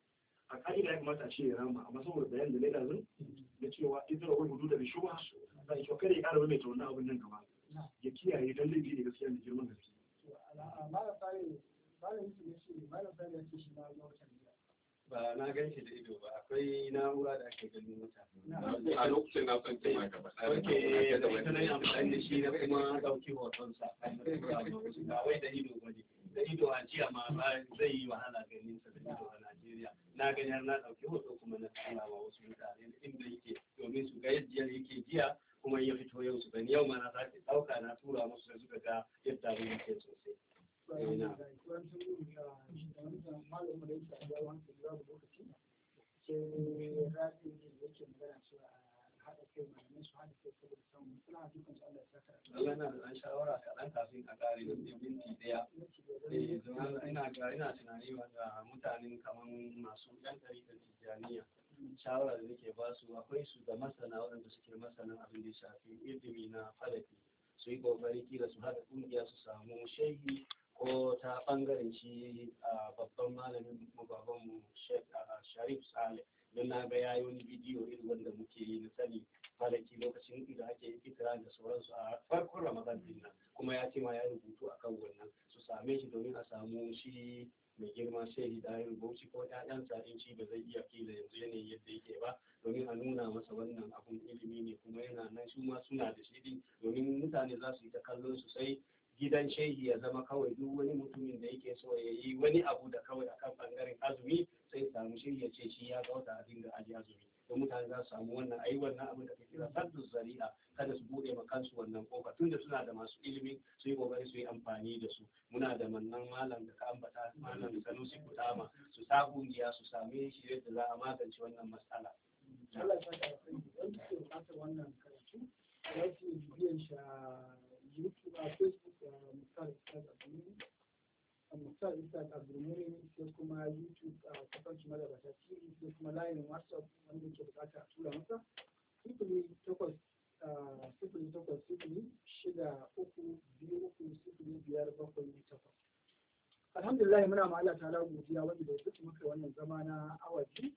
a ka'ida ya kamata a ce ya rama amma saboda bayan da laila zun na cewa idan wani hudu da rishuwa za a kada ya ƙara mai ta wannan abin nan gaba ya kiyaye don laifi ne gaskiya da girman gaske. ba na gan shi da ido ba akwai na'ura da ake ganin wuta a lokacin na son cewa ka faɗa wake da wata nan amfani da shi na kuma ɗauki hoton sa ba wai da ido ba ne da ido a jiya ma zai yi wahala ganin sa da ido wani Najeriya na gani har na ɗauki hoto kuma na tsara wa wasu mutane inda yake domin su ga yadda yake jiya kuma ya fito yau su gani yau ma na sake ɗauka na tura musu da suka ga yadda abin yake sosai. Eh, sai haɗa kai malamai su haɗa kai saboda samun dukkan su Allah ya saka Allah da shawara kaɗan kafin a ƙare da minti ɗaya eh, ina ga ina tunani wanda mutanen kamar masu ɗan ɗari da tijjaniya shawara da nake ba su akwai su da masana waɗanda suke masanan abin da shafi ilimi na falaki su yi ƙoƙari kila su haɗa ƙungiya su samu shehi ko ta ɓangaren shi babban malamin mu babanmu mu Sharif Saleh don na ga yayi wani bidiyo irin wanda muke yi na sani kwanaki lokacin da ake fitira da sauransu a farkon ramadan din nan kuma ya ce ma ya rubutu a kan wannan su same shi domin a samu shi mai girma shehi da ya rubuci ko ƴaƴansa in shi ba zai iya fila yanzu yanayi yadda yake ba domin a nuna masa wannan abun ilimi ne kuma yana nan su ma suna da shi din domin mutane za su yi ta kallon su sai gidan shehi ya zama kawai duk wani mutumin da yake so ya yi wani abu da kawai akan bangaren azumi sai samu shirya ce shi ya ga wata abin da aji azumi Don mutane za su samu wannan ai wannan abin da kake kira saddu zari'a kada su buɗe ma kansu wannan kofa tunda suna da masu ilimi su yi kokari su yi amfani da su muna da mannan malam da ka ambata malam Sanusi Kutama su sa kungiya su same shi yadda za a magance wannan matsala Allah ya saka wanda ke wannan karatu ya ce biyan sha YouTube a Facebook da misali da Musa Isaac Abdulmumin sai kuma YouTube a kafar shi madabata TV sai kuma layin WhatsApp wanda ke bukata a tura masa sifili takwas sifili takwas sifili shida uku biyu uku sifili biyar bakwai takwas. Alhamdulillah muna ma Allah ta'ala godiya wanda da duk muka wannan zama na awa biyu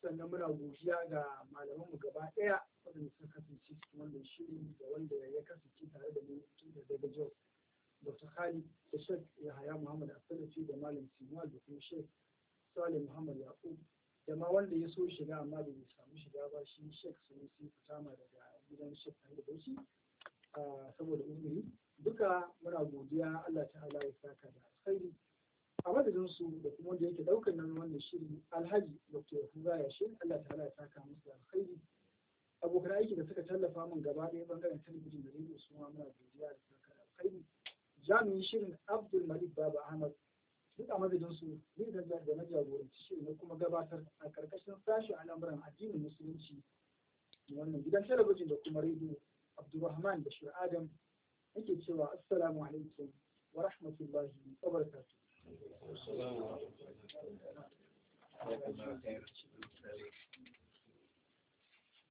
sannan muna godiya ga malamanmu gaba ɗaya wanda suka kasance cikin wannan shirin da wanda ya kasance tare da mu tun daga Jos. dr khalid da shek yahaya muhammad asalaci da malam sinuwa da kuma shek sale muhammad yaqub da ma wanda ya so shiga amma bai samu shiga ba shi shek sunusi fitama daga gidan shek da bauchi ah, saboda umiri duka muna godiya allah ta'ala ya saka da alkhairi a madadin su da kuma wanda yake daukar nan wannan shiri alhaji dr yahuza yashin allah ta'ala ya saka musu da alkhairi abokan aiki da suka tallafa min gaba ɗaya bangaren talabijin da rediyo su ma muna godiya da saka da alkhairi jami'in shirin abdul malik baba ahmad duk a madadin su zai da da na jagoranci shirin na kuma gabatar a karkashin a al'amuran addinin musulunci wannan gidan talabijin da kuma rediyo abdulrahman bashir adam yake cewa assalamu alaikum wa rahmatullahi wa barakatuh